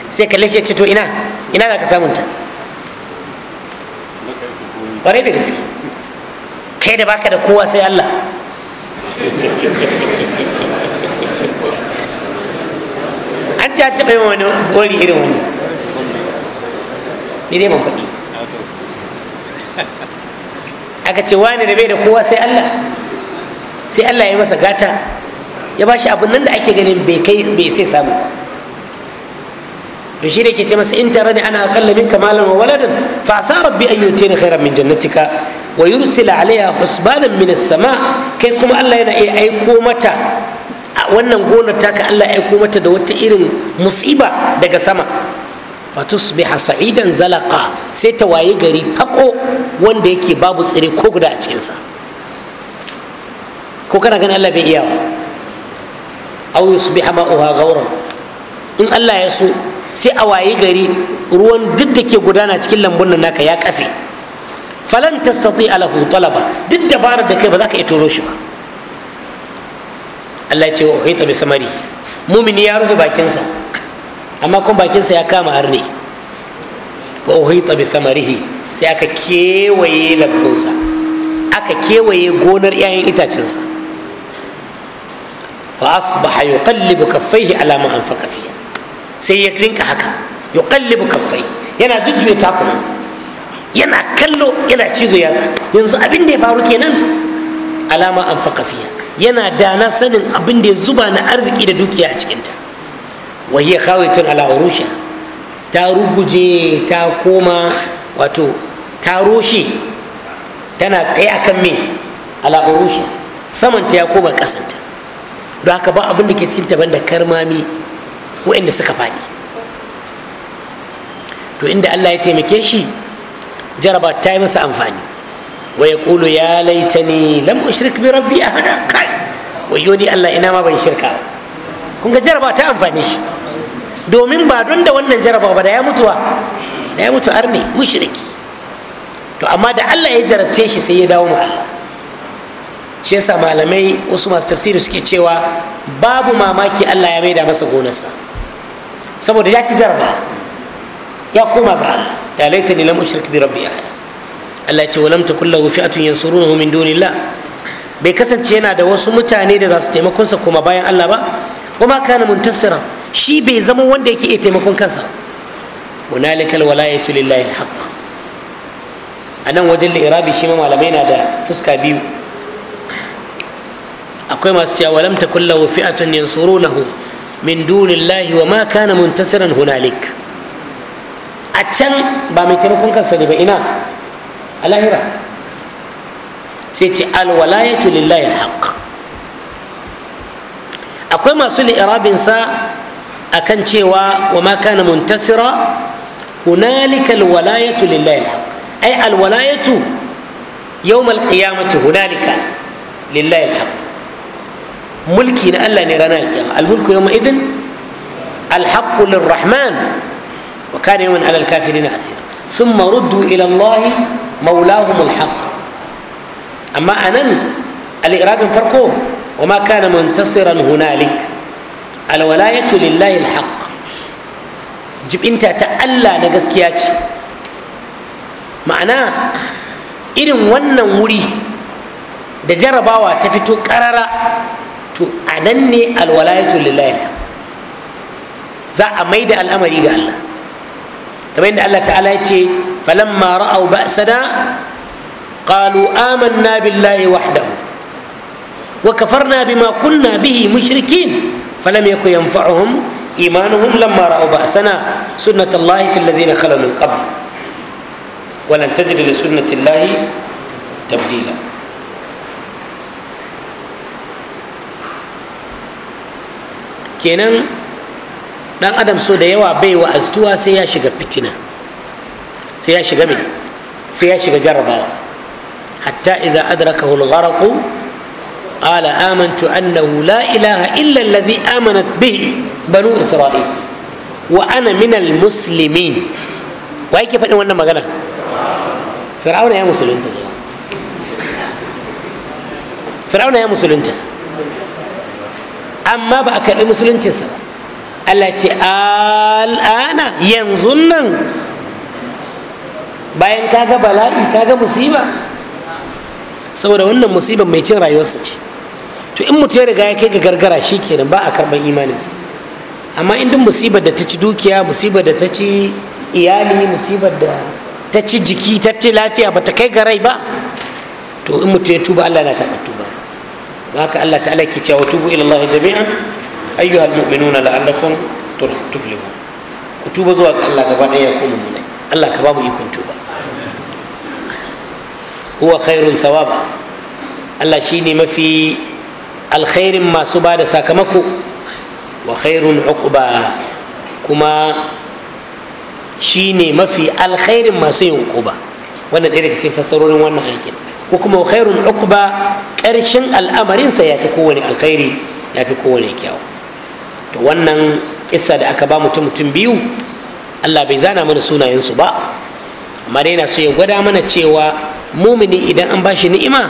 A: sai kalle shi ya ce to ina ina za ka samun ta kwarai da gaske kai da baka da kowa sai Allah an ta taɓa yin wani gori irin wani ne dai ban faɗi aka ce wani da bai da kowa sai allah sai allah ya masa gata ya ba shi abin nan da ake ganin bai kai bai sai samu to shi ne ke ce masa in tare ne ana akalla min kamalan wa waladan fa asa rabbi an yutini khairan min jannatika wa yursila alaiha husbanan min as-sama kai kuma Allah yana iya aiko mata wannan gonar taka Allah ya mata da wata irin musiba daga sama bi sa'idan zalaka sai ta waye gari fako wanda yake babu tsire ko guda a cikinsa ko kana ganin Allah bai iya ba aw yusbiha ma'uha ghawran in Allah ya so sai a waye gari ruwan duk da ke gudana cikin lambun nan naka ya kafe falan tastati alahu talaba duk dabarar da kai ba za ka iya shi ba Allah ce wa uhita bi samari mumini ya rufe bakinsa amma kuma bakinsa ya kama har ne wa uhita bi samarihi sai aka kewaye lambunsa aka kewaye gonar 'ya'yan itacensa fa asbaha yuqallibu kaffaihi ala ma anfaqa fiha sai ya rinka haka yuqallibu kaffaihi yana jujjuya takunansa yana kallo yana cizo yatsa yanzu abin da ya faru kenan alama ma anfaqa fiha yana dana sanin abin da ya zuba na arziki da dukiya a cikinta wahiyya kawai ala urusha ta ruguje ta koma wato ta roshe tana tsaye akan me ala urusha samanta ya koma kasanta don haka ba abin da ke cikinta da karmami waɗanda suka faɗi to inda allah ya taimake shi jaraba ta yi masa amfani wa yaqulu ya laitani lam ushrik bi rabbi ahada kai wayo ni Allah ina ma ban shirka kun ga jaraba ta amfani shi domin ba don da wannan jaraba ba da ya mutuwa da ya mutu arni mushriki to amma da Allah ya jarabce shi sai ya dawo mu Allah shi yasa malamai wasu masu tafsiri suke cewa babu mamaki Allah ya da masa gonarsa saboda ya ci jaraba ya koma ga ya laitani lam ushrik bi rabbi ahada Allah ya ce walam takul lahu fi'atun yansurunahu min dunillah bai kasance yana da wasu mutane da za su taimakonsa kuma bayan Allah ba kuma kana muntasira shi bai zama wanda yake iya taimakon kansa hunalikal walayatu lillahi alhaq nan wajen li'irabi shi ma malamai na da fuska biyu akwai masu cewa walam takul lahu fi'atun yansurunahu min dunillahi wa ma kana muntasiran hunalik a can ba mai taimakon kansa ne ba ina a lahira sai ce alwalayatu lillahi alhaq akwai masu li'irabinsa a kan cewa wa ma kana muntasira hunalika alwalayatu lillahi alhaq ai alwalayatu yawm alqiyamati hunalika lillahi alhaq mulki na Allah ne ranar alƙiyama almulku yawma idin alhaqqu lirrahman wa kana yawman alal kafirin asira ثم ردوا الى الله maulahumul haqq amma anan al-irabin farko وما كان منتصرا هنالك الولاية لله ta Allah na gaskiya ce, ma'ana irin wannan wuri da jarrabawa ta fito karara to a ne alwalayatu lillahi za a maida al'amari ga Allah kamar yadda Allah ta'ala ya ce falamma ra'aw ba'sana qalu amanna billahi wahdahu wa kafarna bima kunna bihi mushrikin falam yakun yanfa'uhum imanuhum lamma ra'aw ba'sana sunnatullahi fil ladina khalu min qabl kenan dan adam so da yawa bai wa'aztuwa sai ya shiga fitina sai ya shiga mai sai ya shiga jarrabawa hatta idza adrakahu al-gharq qala amantu annahu la ilaha illa alladhi amanat bihi banu isra'il wa ana min al-muslimin wa yake faɗin wannan magana fir'auna ya musulunta fir'auna ya musulunta amma ba a karɓi musuluncinsa ba Allah ce al'ana yanzu nan bayan kaga bala'i kaga musiba saboda wannan musiba mai cin rayuwarsa ce to in mutu ya riga ya kai ga gargara shi kenan ba a karɓar imaninsa amma in duk musibar da ta ci dukiya musibar da ta ci iyali musibar da ta ci jiki ta ci lafiya ba ta kai ga rai ba to in mutu ya tuba Allah na karɓar tubansa haka Allah ta'ala ke cewa tubu ila Allah jami'an ayyuhal mu'minuna la'allakum tuflihun ku tuba zuwa ga Allah gaba ɗaya ku mu'minai Allah ka ba mu ikon tuba huwa khairun thawaba Allah shine mafi alkhairin masu bada sakamako wa khairun uquba kuma shine mafi alkhairin masu yin uquba wannan ɗaya daga cikin fassarorin wannan aikin ko kuma khairun uquba ƙarshen al'amarinsa ya fi kowane alkhairi ya fi kowane kyawu to wannan isa da aka ba mutum mutum biyu allah bai zana mana sunayensu ba amma dai na so ya gwada mana cewa mumini idan an bashi ni'ima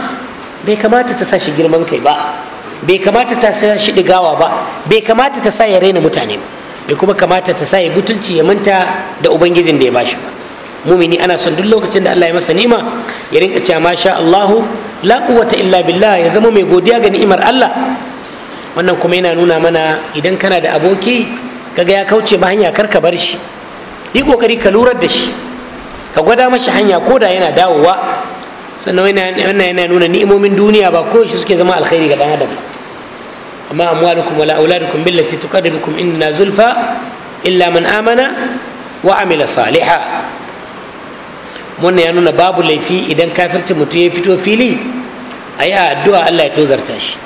A: bai kamata ta sa shi girman kai ba bai kamata ta sa shi digawa ba bai kamata ta sa ya raina mutane ba bai kuma kamata ta sa ya butulci ya manta da ubangijin da ya bashi ba mumini ana son duk lokacin da Allah ya masa ni'ima ya rinka cewa masha Allahu la quwwata illa billah ya zama mai godiya ga ni'imar Allah wannan kuma yana nuna mana idan kana da aboki kaga ya kauce ma hanya kar ka bar shi yi kokari ka lurar da shi ka gwada mashi hanya ko da yana dawowa sannan wannan yana nuna ni'imomin duniya ba ko shi suke zama alkhairi ga dan adam amma amwalukum wala auladukum billati tuqaddimukum inna zulfa illa man amana wa amila saliha wannan ya nuna babu laifi idan kafirci mutum ya fito fili a yi addu'a Allah ya tozarta shi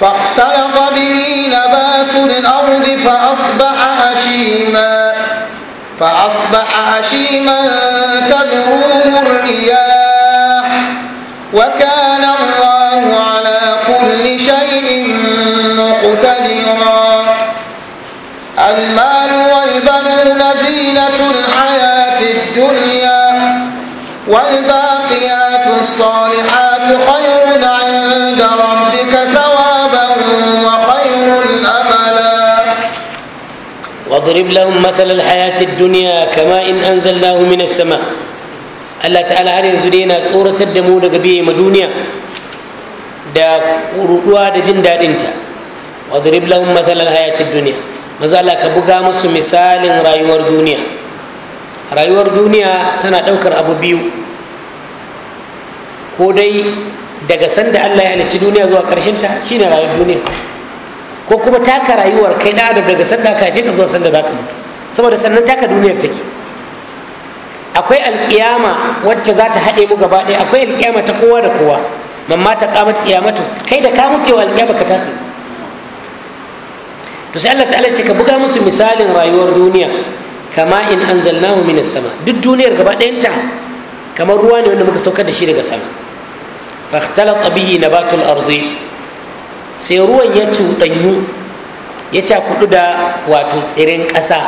B: فاختلط به نبات الأرض فأصبح هشيما فأصبح هشيما تذروه الرياح وكان الله على كل شيء مقتدرا المال والبنون زينة الحياة الدنيا والباقيات الصالحات خير عند ربك ثم وخير أملا
A: واضرب لهم مثل الحياة الدنيا كما إن أنزلناه من Allah ta'ala har yanzu dai yana tsoratar da mu daga biye ma duniya da ruduwa da jin daɗinta wadrib lahum mathalan hayatid dunya maza Allah ka buga musu misalin rayuwar duniya rayuwar duniya tana ɗaukar abu biyu ko dai daga sanda allah ya halicci duniya zuwa karshen ta shine rayuwar duniya ko kuma taka rayuwar kai da adam daga sanda ka ka zuwa sanda za ka mutu saboda sannan taka duniyar take akwai alkiyama wacce za ta haɗe mu gaba ɗaya akwai alkiyama ta kowa da kowa mamma ta kamata kiyamatu kai da ka mutu alkiyama ka tafi to sai Allah ta'ala ce ka buga musu misalin rayuwar duniya kama in anzalnahu minas sama duk duniyar gaba ɗayanta kamar ruwa ne wanda muka saukar da shi daga sama fahtalata na nabatul ardi sai ruwan ya cuɗanyu ya cakuɗu da wato tsirin ƙasa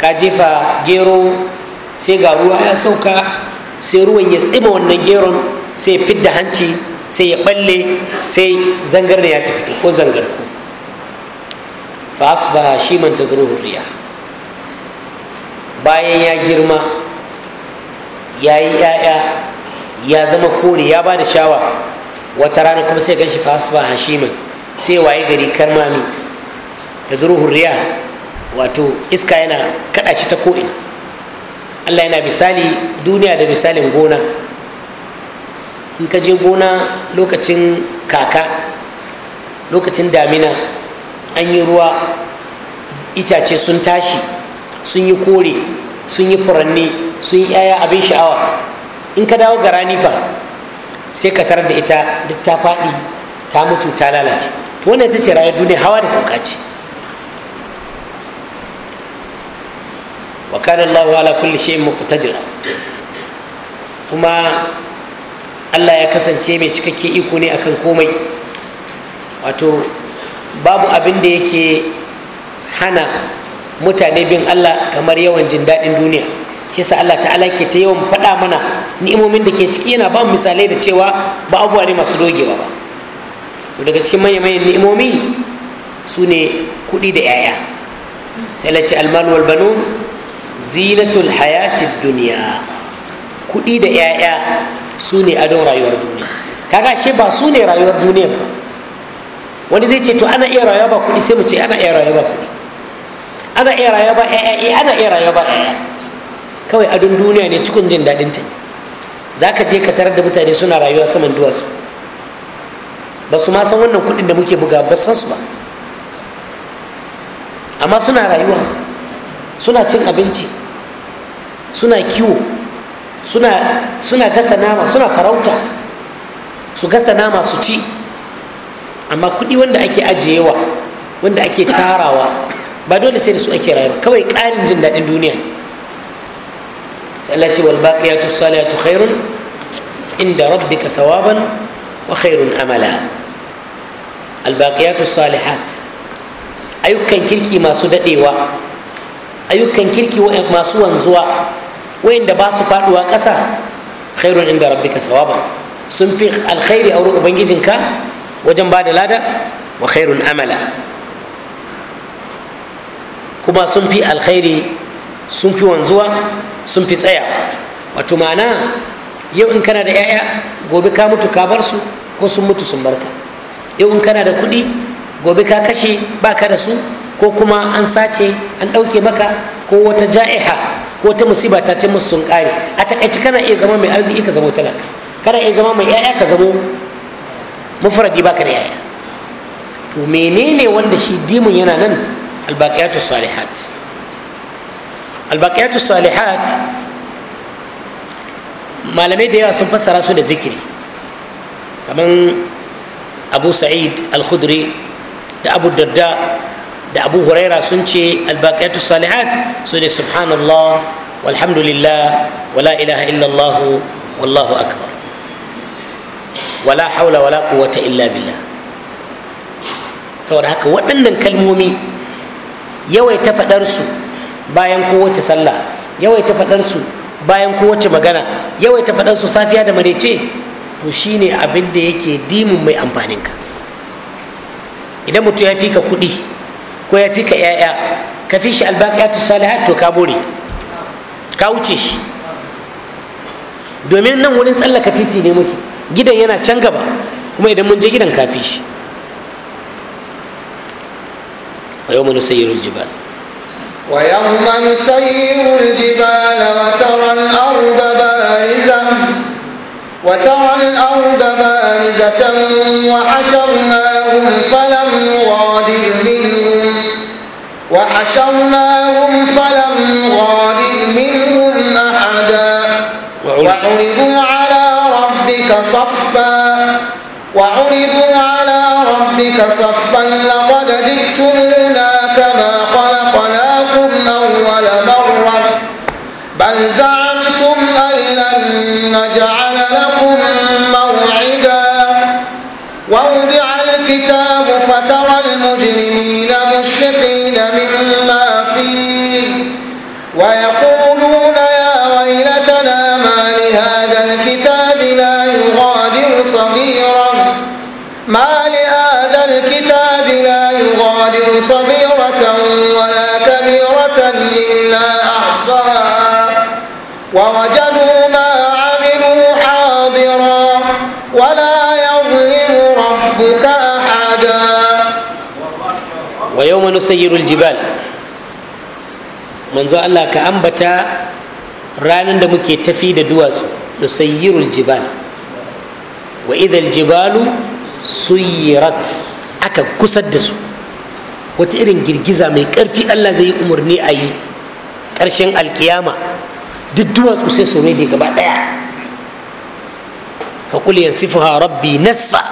A: ka jefa gero sai ga ruwa ya sauka sai ruwan ya tsima wannan geron sai ya fidda hanci sai ya balle sai zangar ya tafi ko zangar ku fa asbaha shiman tazruhu riya bayan ya girma yayi ya'ya ya zama kore ya ba da shawa wata rana kuma sai ganshi shi hashiman sai waye gari karmami da zuru riya wato iska yana kada shi ta ko'ina allah yana misali duniya da misalin gona in ka je gona lokacin kaka lokacin damina an yi ruwa itace sun tashi sun yi kore sun yi furanni sun yi 'ya'ya abin sha'awa in ka dawo ga rani fa sai ka tarar da ita duk ta faɗi ta mutu ta lalace to wannan ita ce rayuwar duniya hawa da sauka ce wa kana Allah ala kulli shay'in muqtadira kuma Allah ya kasance mai cikakke iko ne akan komai wato babu abin da yake hana mutane bin Allah kamar yawan jin daɗin duniya shi sa Allah ta'ala ke ta yawan faɗa mana ni'imomin da ke ciki yana ba misalai da cewa ba abubuwa ne masu dogewa ba daga cikin manya-manyan ni'imomi su ne kuɗi da 'ya'ya sai Allah ce almal wal banun zinatul hayatid duniya kuɗi da 'ya'ya su ne adon rayuwar duniya kaga shi ba su ne rayuwar duniya ba wani zai ce to ana iya rayuwa ba kuɗi sai mu ce ana iya rayuwa ba kuɗi ana iya rayuwa ba 'ya'ya eh, ana iya rayuwa ba 'ya'ya kawai adon duniya ne cikin jin daɗin ta za ka je ka tarar da mutane suna rayuwa saman duwatsu ba su ma san wannan kuɗin da muke buga ba san su ba amma suna rayuwa suna cin abinci suna kiwo suna gasa nama suna farauta su gasa nama su ci amma kuɗi wanda ake ajiyewa wanda ake tarawa ba dole sai da su ake rayuwa kawai ƙarin jin daɗin duniya ne sai Allah ce wal baqiyatu salihatu khairun inda rabbika thawaban wa khairun amala al baqiyatu salihat kirki masu dadewa ayyukan kirki masu wanzuwa wayanda ba su faduwa ƙasa khairun inda rabbika thawaban sun fi alkhairi a wurin ubangijinka wajen ba da lada wa amala kuma sun fi alkhairi sun fi wanzuwa sun fi tsaya wato ma'ana yau in kana da 'ya'ya gobe ka mutu ka bar su ko sun mutu sun bar ka yau in kana da kuɗi gobe ka kashe baka da su ko kuma an sace an ɗauke maka ko wata ja'iha ko wata musiba ta ce musu sun ƙare a takaici kana iya zama mai arziki ka zama talaka kana iya zama mai 'ya'ya ka zama ba baka da 'ya'ya to menene wanda shi dimun yana nan albaqiyatus salihat albaqiyatu salihat malamai da yawa sun fassara su da zikiri kamar abu sa'id al-khudri da abu darda da abu huraira sun ce albaqiyatu salihat su ne subhanallah walhamdulillah wala ilaha illallah wallahu akbar wala haula wala quwwata illa billah saboda haka waɗannan kalmomi yawai ta su bayan kowace sallah ta faɗar su bayan kowace magana yawaita faɗar su safiya da marece to shine abin da yake dimin mai amfanin ka idan mutum ya fi ka kuɗi ko ya fi ka 'ya'ya ka fi shi albaqiyatu salihat to ka bore ka wuce shi domin nan wurin tsallaka titi ne muke gidan yana can gaba kuma idan mun je gidan ka fi shi a yau mun sayyirul jibal
B: ويوم نسير الجبال وترى الأرض بارزة وترى الأرض بارزة وحشرناهم فلم نغادر منهم وحشرناهم فلم نغادر منهم أحدا
A: وعرضوا
B: على ربك صفا وعرضوا على ربك صفا لقد جئتمونا كما خلقنا بل زعمتم أن لن نجعل لكم موعدا ووضع الكتاب فترى المجرمين مشفقين مما فيه ويقولون يا ويلتنا ما لهذا الكتاب لا يغادر صغيرا ما لهذا الكتاب لا يغادر صغيرة ولا كبيرة إلا ووجدوا ما عملوا حاضرا ولا يظلم ربك أحدا
A: ويوم نسير الجبال manzo Allah ka ambata ranar da muke tafi da duwatsu nusayyirul jibal wa idal jibalu suyirat aka kusar da su wata irin girgiza mai ƙarfi Allah zai yi umarni a yi ƙarshen alkiyama ددوات وسيسو ندي كبعد فقل ينسفها ربي نسفا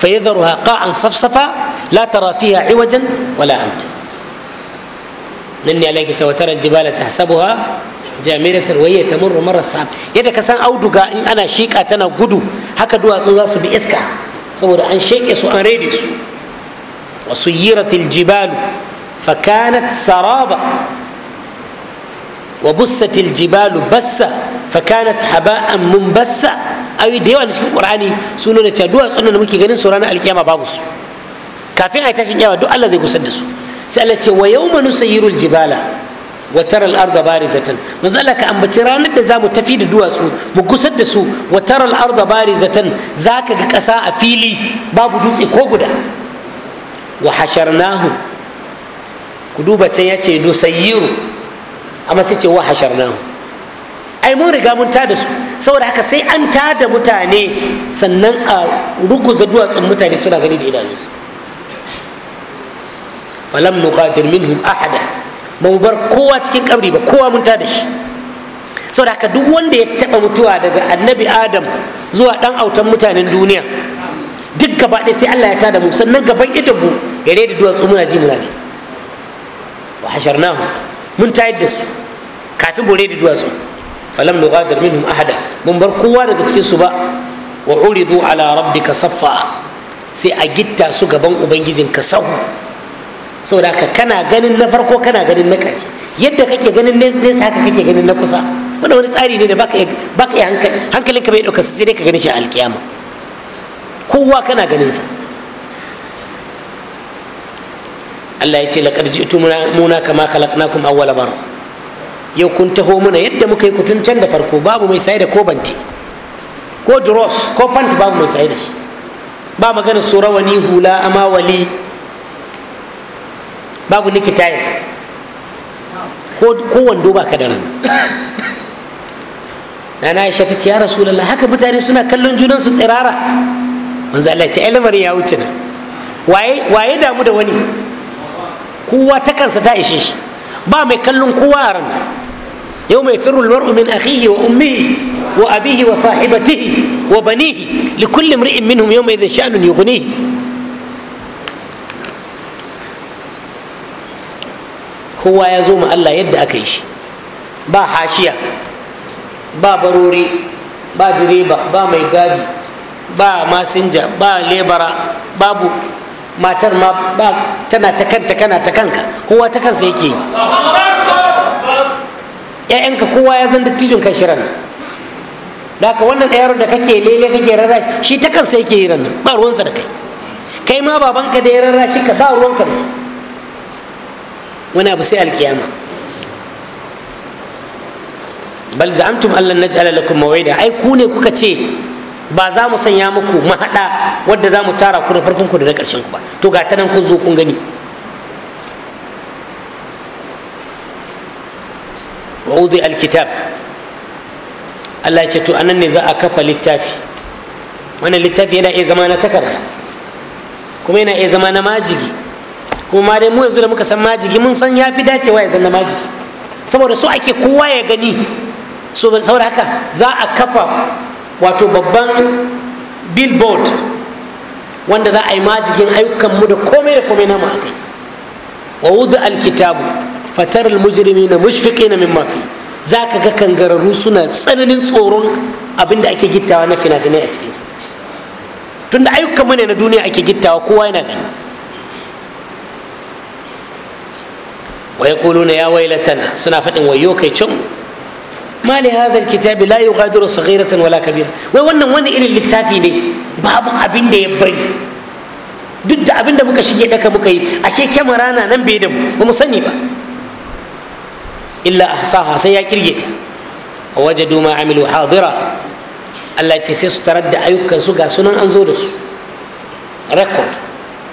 A: فيذرها قاعا صفصفا لا ترى فيها عوجا ولا أمتا نني عليك توتر الجبال تحسبها جامرة وهي تمر مرة صعب يدك كسان أو دقاء إن أنا شيك أتنا قدو هكا دواء تنظر بإسكا صور أن شيك يسو أن ريدس وسيرت الجبال فكانت سرابا وبست الجبال بسة فكانت هباء منبسة أي ديوا نشكي القرآن سنو نتا دوا سنو نمكي غنين سورانا القيامة بابس كافين أي تاشن يوا دو الله ذي قسدس سألت ويوم نسير الجبال وترى الأرض بارزة نزلك أن بتران الدزام تفيد دوا سو مقصد سو وترى الأرض بارزة ذاك كساء فيلي باب دوسي كوغدا وحشرناهم كدوبة يتي نسيرو amma sai ce wa hasharnahu ai mun riga mun tada su saboda haka sai an tada mutane sannan a ruguza duwatsun mutane suna gani da idanunsu falam nuqatil minhum ahada ba mu bar kowa cikin kabri ba kowa mun tada shi saboda haka duk wanda ya taba mutuwa daga annabi adam zuwa dan autan mutanen duniya duk gaba ɗaya sai Allah ya tada mu sannan gaban idan mu gare da duwatsu muna ji muna ne wa hasharnahu mun tayar da su kafin bore da duwatsu falam nughadir minhum ahada mun bar kowa daga cikin su ba wa uridu ala rabbika saffa sai a gitta su gaban ubangijin ka sahu saboda haka kana ganin na farko kana ganin na ƙarshe yadda kake ganin nesa haka kake ganin na kusa wanda wani tsari ne da baka baka hankalinka bai ɗauka sai dai ka ganin shi a alkiyama kowa kana ganin sa Allah ya ce jitu muna kama khalaqnakum awwala bar yau kun taho muna yadda muka yi kutun tun can da farko babu mai sai da ko banti ko dross ko pant babu mai sai da shi ba magana sura wani hula ama wali babu nikitaye ko wando ba ka da nan nana aisha ta ce ya rasulullah haka mutane suna kallon junan su tsirara manzo Allah ya ce ai lamarin ya wuce na waye waye damu da wani kowa ta kansa ta ishe shi ba mai kallon kowa a ranar yau mai firul mar'u min akhihi wa ummihi wa abihi wa sahibatihi wa banihi li kulli imri'in minhum yawma idhin sha'nun yughnihi kowa ya zo ma Allah yadda aka yi shi ba hashiya ba barori ba direba ba mai gadi ba masinja ba lebara babu matar ma ba tana ta kanta kana ta kanka kowa ta kansa yake yi ƴaƴanka kowa ya zan dattijin kan shirin da haka wannan ɗayar da kake lele kake rarra shi ta kansa yake yi rannan ba ruwansa da kai kai ma babanka da ya rarra shi ka ba ruwanka da shi wani abu sai alkiyama bal za'amtum allan naj'ala lakum maw'ida ai ku ne kuka ce ba za mu sanya muku mahaɗa wadda za mu tara ku da farkon ku da na ƙarshen ku ba to ga ta nan kun zo kun gani wa'udhi alkitab Allah ya ce to anan ne za a kafa littafi wannan littafi yana iya zama na takarda kuma yana iya zama na majigi kuma dai mu yanzu da muka san majigi mun san ya fi dacewa ya zama majigi saboda so ake kowa ya gani saboda haka za a kafa wato babban billboard wanda za a yi majigin ayyukanmu da komai da komai na a wa wudu alkitabu fatar almujirimi na mushfiqi na min mafi za ka ga kangararru suna tsananin tsoron abin da ake gittawa na fina-finai a cikinsa tunda ayyukanmu ne na duniya ake gittawa kowa yana gani wa yaquluna ya wailatana suna faɗin wayo kai cin ma li hadha alkitabi la kabira wai wannan wani irin littafi ne babu abin ya bari duk da abinda muka shige daka muka yi ashe kyamara na nan bai da mu ba mu sani ba illa ahsaha sai ya kirge ta wajadu ma amilu hadira Allah ce sai su tarar da ayyukan su ga sunan an zo da su record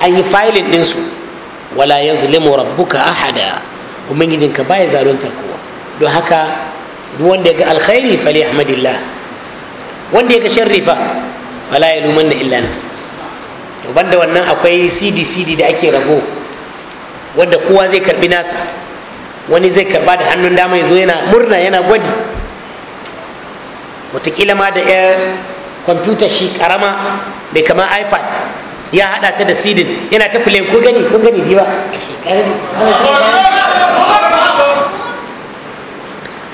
A: an yi filing din su wala yazlimu rabbuka ahada ubangijinka baya zaluntar kowa don haka duk wanda ya ga alkhairi fali ahmadillah wanda ya ga sharri fa fala ya luman da illa nafsi to banda wannan akwai cd cd da ake rago wanda kowa zai karbi nasa wani zai karba da hannun dama ya zo yana murna yana gwadi wataƙila ma da yar kwamfuta shi karama mai kama ipad ya haɗa ta da sidin yana ta fule ko gani ko gani diba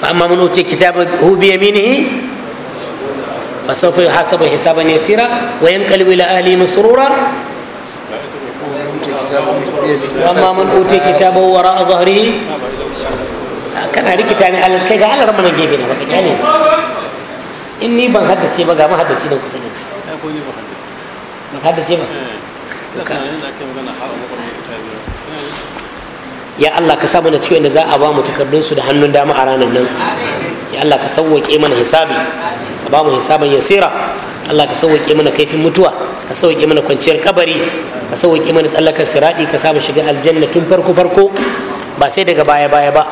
A: فأما من أوتي كتابه بيمينه فسوف يحاسب حسابا يسيرا وينقلب إلى أهله مسرورا وأما من أوتي كتابه وراء ظهره كان هذيك تاني على الكيكة على ربنا جيبنا يعني إني بنهدتي بقى ما هدتي لو كسلنا ما هدتي بقى ya Allah ka sa mana cikin da za a ba mu takardun su da hannun dama a ranar nan ya Allah ka sauwaƙe mana hisabi ka ba mu hisaban yasira Allah ka sauwaƙe mana kaifin mutuwa ka sauwaƙe mana kwanciyar kabari ka sauwaƙe mana tsallakar siradi ka samu shiga aljanna tun farko farko ba sai daga baya baya ba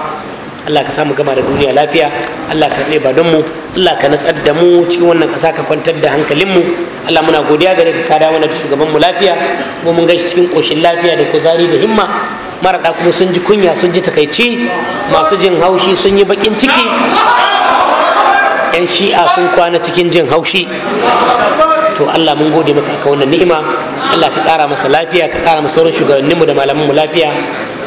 A: Allah ka samu gama da duniya lafiya Allah ka ba don mu Allah ka natsar da mu cikin wannan ƙasa ka kwantar da hankalin mu Allah muna godiya gare ka ka mana da shugaban mu lafiya kuma mun gaishe cikin koshin lafiya da kuzari da himma marada kuma sun ji kunya sun ji takaici masu jin haushi sun yi bakin ciki yan shi'a sun kwana cikin jin haushi to Allah mun gode maka aka wannan ni'ima Allah ka kara masa lafiya ka kara masa sauran shugabanninmu da malamanmu lafiya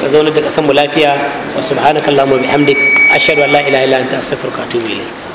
A: ka zaunar da kasanmu lafiya wa subhanakallahumma bihamdik ashhadu an la ilaha illa anta astaghfiruka wa atubu ilayk